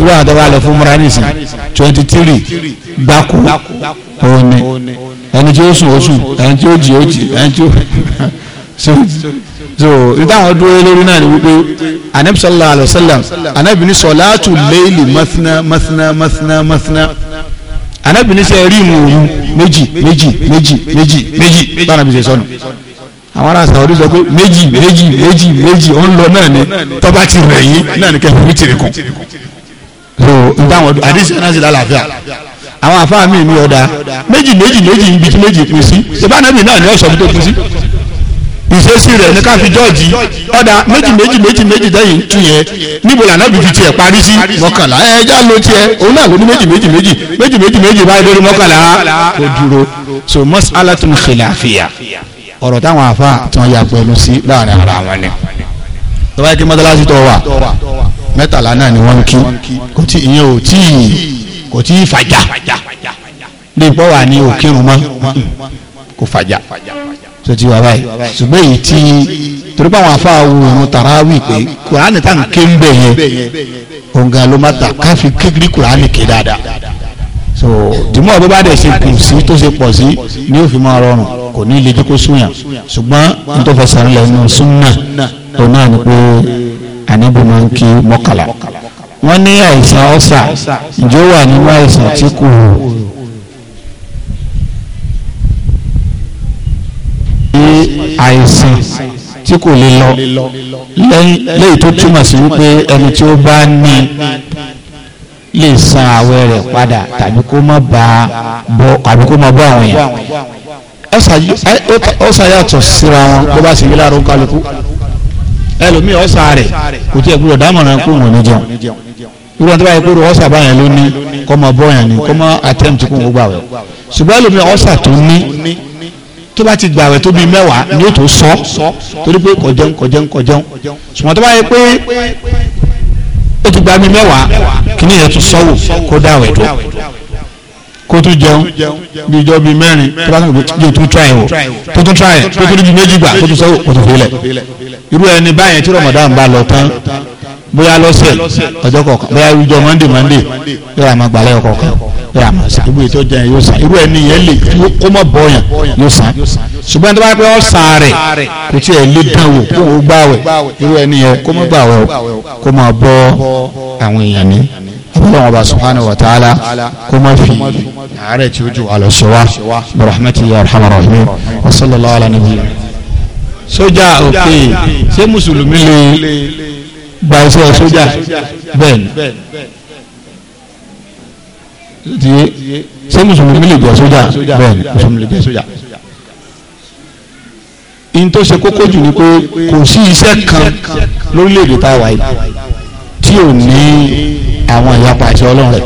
irú àdàbà lọ fún múra nìsín twenty three gbáko òní ẹni tí ó sùn ó sùn ẹni tí ó jì ó jì ẹni tí ó sùn. so ìdáhùn dúró lórí náà ni wípé anabi sallallahu alayhi wa sallam anabi ní sọláàtù léèlì mọ́sánná mọ́sánná mọ́sánná mọ́sánná anabi ní sẹ́ rí ìmòòrùn méjì méjì méjì méjì méjì bára mi ṣe sọnù àwọn ará sàwọn oníṣẹ́ pé méjì méjì méjì méjì ó ń lọ náà ni tọ́ba ti rẹ̀ yín náà ni kẹfì mi tìrì kùn so ìdáhùn àdìsí náà sì lálàáfíà àwọn àfáà mi ní ọ̀dà méjì méjì méjì ń bi méjì pín sí ṣe bá anabi náà ní ọ̀ṣọ́ mi tó pín sí ìṣesí rẹ̀ ní káfí jọ́ọ̀jì ọ̀dà méjì méjì méjì méjì dẹ́yìn tún yẹn níbo làná bí fi tiẹ̀ parí sí mọ́kànlá ẹ já ló tiẹ̀ òun náà ló ní méjì méjì méjì méjì méjì méjì báyìí lórí mọ́kànlá kò dúró so mas'alatun khilafiyya ọ̀rọ̀ táwọn afa tí wọ́n yà pẹ̀lú sí láàrin ara wọn ni tó kí mọ́tàlásí tó wà mẹ́tàlá náà ni wọ́n ń kí kò tí ìyẹn ò tí kò tí fàjà fàjà tó ti wà báyìí ṣùgbọ́n èyí tí torí báwọn afáà wo òun tàràwì pé kùránì tá ń ké ń bẹ̀ yẹn òǹgà ló má ta káfí kékeré kùránì ké dáadáa so dìmọ̀ bó bá dẹ̀ ṣe kù sí tó ṣe pọ̀ sí ni ó fi máa rọrùn kò ní ilé jókòó súnyà ṣùgbọ́n n tó fẹsẹ̀ rẹ̀ nù súnà tó náà ni pé àníbù máa ń kí mọ́kàlá wọ́n ní àìsàn ọ̀sà ìjọ wà nínú àìsàn tí kò àìsàn tí kò lè lọ lẹ́yìn tó túmọ̀ sí wípé ẹni tí ó bá ní lè san àwẹ̀ rẹ̀ padà tàbí kó má bá bọ́ àbí kó má bọ́ àwọn yẹn ó ṣàyàtọ̀ síra wọn bó bá sì yí láàrú kálukú ẹlòmíì ọ̀sà rẹ̀ kò tí ẹ̀ gbúdọ̀ dámọ̀ràn kó wọn ní jẹun irú wọn tó yẹ kó ọ̀sà báyẹn ló ní kọ́ mọ bọ́yàn ni kọ́ mọ kó wọn gbà wẹ̀ ṣùgbọ́n ẹlòmíì ọ̀sà tó ní tó bá ti gbàwẹ̀ tó bíi mẹ́wàá ni ó tó sọ torí pé kò jẹun kò jẹun kò jẹun ṣùgbọ́n tó bá yẹ pé ó ti gba bíi mẹ́wàá kíní yẹn tó sọ́wọ́ kó dáwẹ̀ tó kó tún jẹun bíi ijọ́ bíi mẹ́rin tó bá sọ pé yóò tún tíráyẹ̀ wò tó tún tíráyẹ̀ tó tún di méjì gbà tó tún sọ́wọ́ kó tún fi lẹ̀ irú ẹni báyẹn tí Ramadan bá lọ tán bóyá lọ́sẹ̀ ọjọ́ kọ̀ọ̀kan bóyá ìjọ mọ́ndé mọ́ndé yóò àmà gbalẹ̀ ọ̀kọ̀ọ̀kan yóò àmà sàn irú ètò jẹ́ yóò sàn irú ẹni yẹn lè kó mọ̀ bọ̀yàn yóò sàn ṣùgbọ́n tó bá pẹ́ ọ̀sán rẹ̀ kò tí ẹ̀ lé dán wò kó o gbàwẹ̀ irú ẹni yẹn kó mọ̀ gbàwẹ̀ o kó mọ̀ bọ́ àwọn èèyàn ní ọlọ́run ọba subhanahu wa ta'ala kó mọ̀ fi àárẹ̀ tí ó ju àlọ́ ṣe sójà òkè ṣé mùsùlùmí lè gba iṣẹ́ sójà bẹ́ẹ̀ ni ṣé mùsùlùmí lè jẹ́ sójà bẹ́ẹ̀ ni mùsùlùmí lè jẹ́ sójà in tó ṣe kókó jù ni pé kò sí iṣẹ́ kan lórílẹ̀‐èdè tá a wà yìí tí ò ní àwọn ìyapa àti ọlọ́run rẹ̀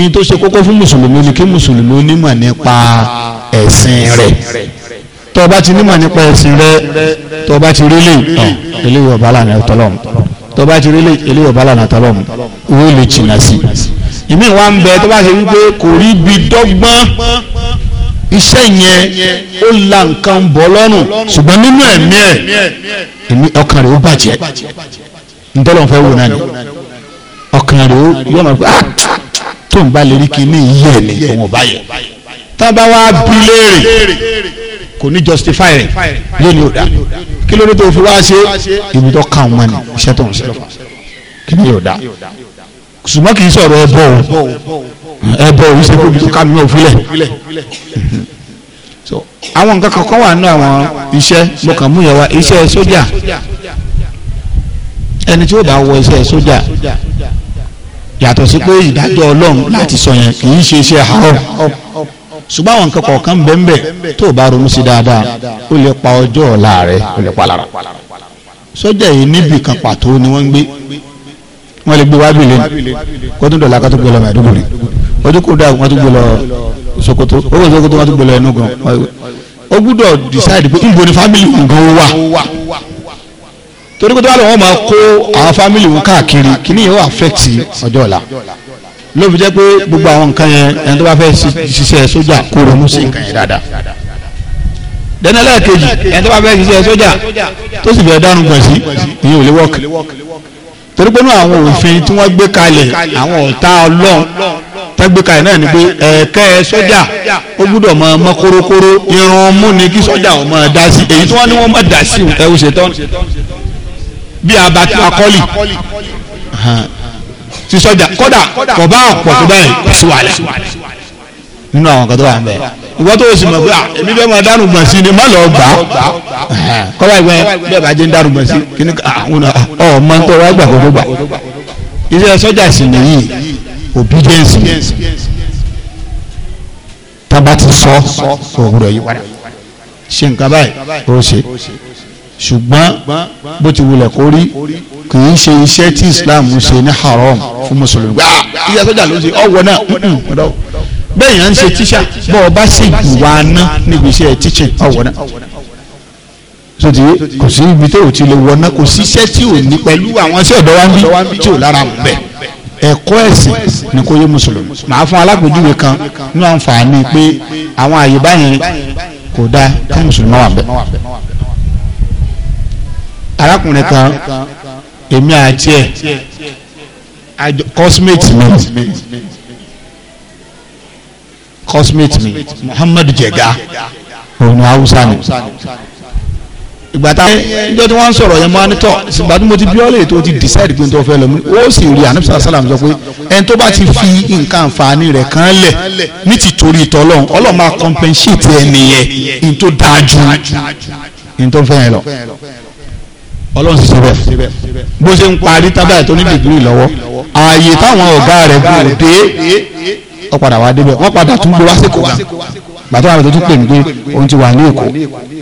in tó ṣe kókó fún mùsùlùmí ni kí mùsùlùmí onímọ̀ nípa ẹ̀sìn rẹ̀ tó o bá ti nímọ̀ nípa ẹ̀sìn rẹ tó o bá ti rí lè tán eléyìí ọba lànà ọtọlọm tó o bá ti rí lè eléyìí ọba lànà ọtọlọm owó lè jìnnà sí ìmí wa ń bẹ tó bá ṣe wípé kò rí ibi dọ́gbọ́n iṣẹ́ yẹn ó la nǹkan bọ́ lọ́rùn ṣùgbọ́n nínú ẹ̀mí ẹ̀ èmi ọkàn rẹ̀ ó bàjẹ́ ntọ́lọ́n fẹ́ wò náà ni ọkàn rẹ̀ ó yọ̀nà pé ah, tó ń bá lè rí kí ní iyẹ̀ ni òun ò bá yẹ tá wá bí léèrè kò ní justify rẹ̀ lónìí ò dá kí ló ní tó fi wá ṣe ibi kàn wọn ni iṣẹ́ tó ń ṣe lọ́fà kí ni yóò dá ṣùgbọ́n kì í sọ̀rọ̀ ẹbọ o ẹbọ o ṣe kó tó kàn mí ò so àwọn nǹkan kankan wà nínú àwọn iṣẹ́ mo kàn mú yẹn wá iṣẹ́ sójà ẹni tí ó bá wọ iṣẹ́ sójà yàtọ̀ sí pé ìdájọ́ ọlọ́run láti sọ yẹn kì í ṣe iṣẹ́ àárọ̀ ṣùgbọ́n àwọn nǹkan kọ̀ọ̀kan bẹ́ẹ̀nbẹ́ẹ̀ tó o bá ronú sí dáadáa ó lè pa ọjọ́ ọ̀la rẹ ó lè palara sọ́jà yìí níbì kan pàtó ni wọ́n ń gbé wọ́n lè gbé wábì lé kó tó dọ̀la ká tó gbé lọ Maiduguri ojú kò dáa wọ́n tó gbé Sokoto ó kò Sokoto wọ́n tó gbé lọ Enugu ó gbúdọ̀ decide pé nbọ ni family nǹkan wà torí pé tó wà lọ́wọ́ máa kó àwọn family wọn káàkiri kí yóò affect ọjọ́ ọ̀la ló fi jẹ́ pé gbogbo àwọn nǹkan yẹn ẹni tó bá fẹ́ ṣiṣẹ́ sójà kó ronú sí nǹkan yẹn dáadáa dẹ́nu ẹlẹ́ẹ̀kejì ẹni tó bá fẹ́ ṣiṣẹ́ sójà tó sì fẹ́ dánú gbọ̀nsí ìyẹn ò lè wọ́ọ̀kì torí pé nínú àwọn òfin tí wọ́n gbé kalẹ̀ àwọn ọ̀tá ọlọ́run tẹ́gbẹ́ka ẹ̀ náà ni pé ẹ̀ẹ́kẹ́ sọ́jà ó gbúdọ̀ mọ ọmọ kórókóró irun mú ni kí sọ́jà ò mọ dá sí èyí tí wọ́n ní wọ́n mọ̀ dá sí ẹ̀wù ti sọjà kọ́dà kọ̀bá ọ̀pọ̀ tó báyìí kò sí wàhálà nínú àwọn kan tó wà ń bẹ̀. ìwọ tó o sì mọ̀ pé èmi bẹ́ẹ̀ máa dánù gbọ̀n sí ni má lọ gbà kọ́dà ìgbẹ́ bẹ́ẹ̀ bá jẹ́ ń dánù gbọ̀n sí kí ni àwọn ọ̀ máa ń tọ́ wá gbà kó tó gbà. iṣẹ́ sọ́jà sì nìyí obedience tábà ti sọ òwúrọ̀ yìí padà ṣe nǹkan báyìí ó ṣe ṣùgbọ́n bó ti wulẹ̀ kó rí kì í ṣe iṣẹ́ tí Islam ṣe ní haram fún mùsùlùmí gbà iṣẹ́ sójà ló ṣe ọwọ́ náà bẹ́ẹ̀ yẹn ń ṣe tíṣà bọ́ ọ bá sì wà ná níbi iṣẹ́ teaching ọwọ́ náà sotí kò sí ibi tó o ti lè wọná kò síṣẹ́ tí ò ní pẹ̀lú àwọn sí ọ̀dọ́ wa ń bí tí ò lára mọ̀ bẹ́ẹ̀ ẹ̀kọ́ ẹ̀sìn ni kò yé mùsùlùmí màá fún alágbèjúwe kan ní àǹfààní pé àwọn àyè báyìí kò dáa kí mùsùlùmí wà bẹ́ẹ̀ arákùnrin kan èmi àti ẹ̀ cosmate mi cosmate mi Muhammadu Jega òun Hausa ni ìgbà táwọn ẹjọ́ tí wọ́n ń sọ̀rọ̀ yẹn máa ń tọ̀ ìgbà tí mo ti bí ọ́lẹ̀ tó ti decide pé n tó fẹ́ lọ mú ó sì rí anamisa salam sọ pé ẹni tó bá ti fi nǹkan àǹfààní rẹ̀ kan lẹ̀ ní ti torí tọ́lọ́hún ọlọ́run máa compensate ẹni yẹn ní tó dáa ju ní tó fẹ́ yẹn lọ ọlọ́run sì ṣe bẹ́ẹ̀ bó ṣe ń parí tábàlì tó ní dìgírì lọ́wọ́ ààyè táwọn ọ̀gá rẹ̀ kò dé ó padà wá débẹ̀ wọ́n padà tún gbé wá sí kò gan bàtà wà tó tún pè mí pé òun ti wà ní èkó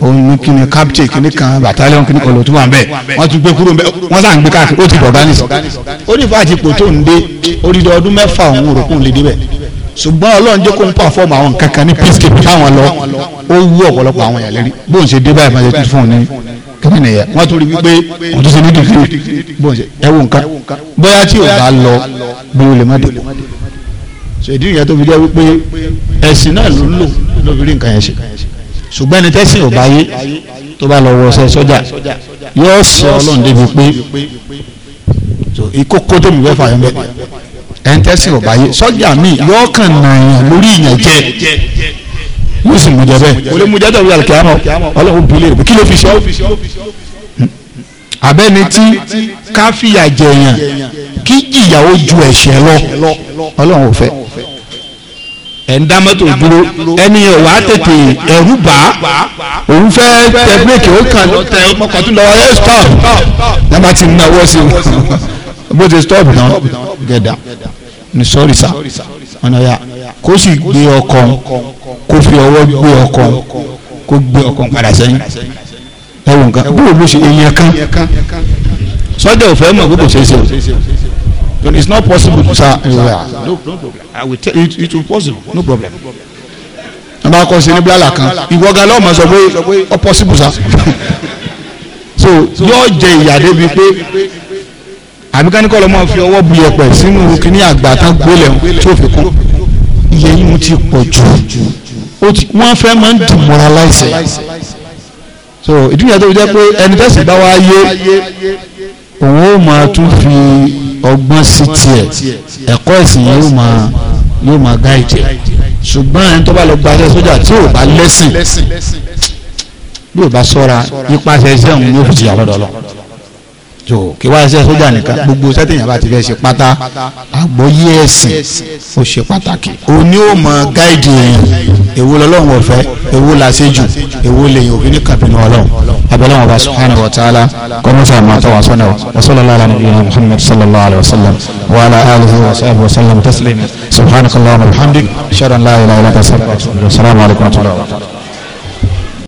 òun ní kíni kápítì kíní kan bàtàlẹ́ kíní kan ló tún wà ń bẹ̀ wọ́n tún gbé kúrò ń bẹ̀ wọ́n sàn gbé káàkiri ó ti bọ̀ gánìsì ó ní fàájì pò tó ń dé odidi ọdún mẹ́fà òun rò kún lè débẹ̀ ṣùgbọ́n ọlọ́run jẹ́ kó ń pàfọ́ọ̀mù àwọn nǹkan kan ní peace keep táwọn lọ ó wú ọ̀pọ̀lọpọ̀ àwọn yàrá lérí bóun ṣe dé báyìí máa ṣe tún fún un ní kìnìún nìyẹn wọ́n torí wípé wọ́n tún ṣe ní dìgírì ẹ̀wù nǹkan bóyá tí ò bá lọ bí o lè má dé ṣèdí ìyẹn tó fi jẹ́ wípé ẹ̀sìn náà ló ń lò lóbìrì nǹkan yẹn ṣe ṣùgbọ́n ẹni tẹ́sìn ò bá yé tó bá lọ wọ ọṣẹ sọ́jà yóò sọ ọlọ́run débi pé ìkókó tó mi fẹ́ fà yín bẹ́ẹ̀ ẹni tẹ́sìn ò bá yé sọ́jà mi yóò kàn nàyàn lórí ìyẹn jẹ́ yóò sì mú jẹ bẹ́ẹ̀ olè mú jẹ tó yàrá kíámọ̀ ọlọ́run bí lè kí ló fi ṣe ọ́ abẹ́ni tí káfíà jẹ̀yàn kí jìyàwó ju ẹ̀ṣẹ̀ lọ ọlọ́run ò fẹ́ ẹ̀ ń dá mọ́tò dúró ẹni yẹn tètè ẹ̀rú bá òun fẹ́ tẹ bírèkì ó kàn lọ tẹ ọkọ̀ lọ ẹ stop nàbà na náwó sí i bó ti stop náà gẹ̀dà ní sọ́ọ̀rì sá ọ̀nà ya kó sì gbé ọkọ̀ kó fi ọwọ́ gbé ọkọ kó gbé ọkọ padà sẹ́yìn ẹ wò bó ló ṣe èèyàn kan sọ́jà ò fẹ́ mọ̀ pé kò ṣeé ṣe o it's not possible to sa no problem i will tell you it will possible no problem n bá kọ́ sí ní bílálà kan ìwọ́gà lọ́mọ sọ pé ọ possible sa so yóò jẹ ìyà débi pé àbí ká ní kọ́ ló máa fi ọwọ́ bu yẹpẹ̀ sínú kíní àgbà tán gbólẹ̀ tó fi kún iye yìí mo ti pọ̀ jù wọ́n fẹ́ máa ń demoralize so ìdúnyà tó jẹ́ pé ẹni tẹ́sí bá wá yé òun ó máa tún fi ọgbọ́n sí tiẹ̀ ẹ̀kọ́ ẹ̀sìn yẹn yóò máa yóò máa gáìdì ṣùgbọ́n ẹni tó bá lọ gbaṣẹ́ sójà tí ò bá lẹ́sìn bí ò bá sọ́ra nípasẹ̀ iṣẹ́ òun ni ó fi jìyà lọ́dọ̀ tó kí wáyé sẹ́ sójà nìkan gbogbo sẹ́tìyàn bá ti fẹ́ ṣe pátá àgbọ́yé ẹ̀sìn ó ṣe pàtàkì òní ò mọ gáìdì èèyàn èwo lọ́lọ́run ọ̀fẹ́ èwo làṣejù èwo lèyìn òbí ní kàbínú ọlọ́run abẹ́lẹ́ wọn bá subhanahu wa ta'ala kọ́mọ́sá máa tọ́ wa sọ́nà wa sallallahu ala nabiyyina muhammad sallallahu alayhi wa sallam wa ala alihi wa sahbihi wa sallam taslima subhanakallahumma wa bihamdik ashhadu an la ilaha illa anta astaghfiruka wa atubu ilayk assalamu alaykum wa rahmatullahi wa barakatuh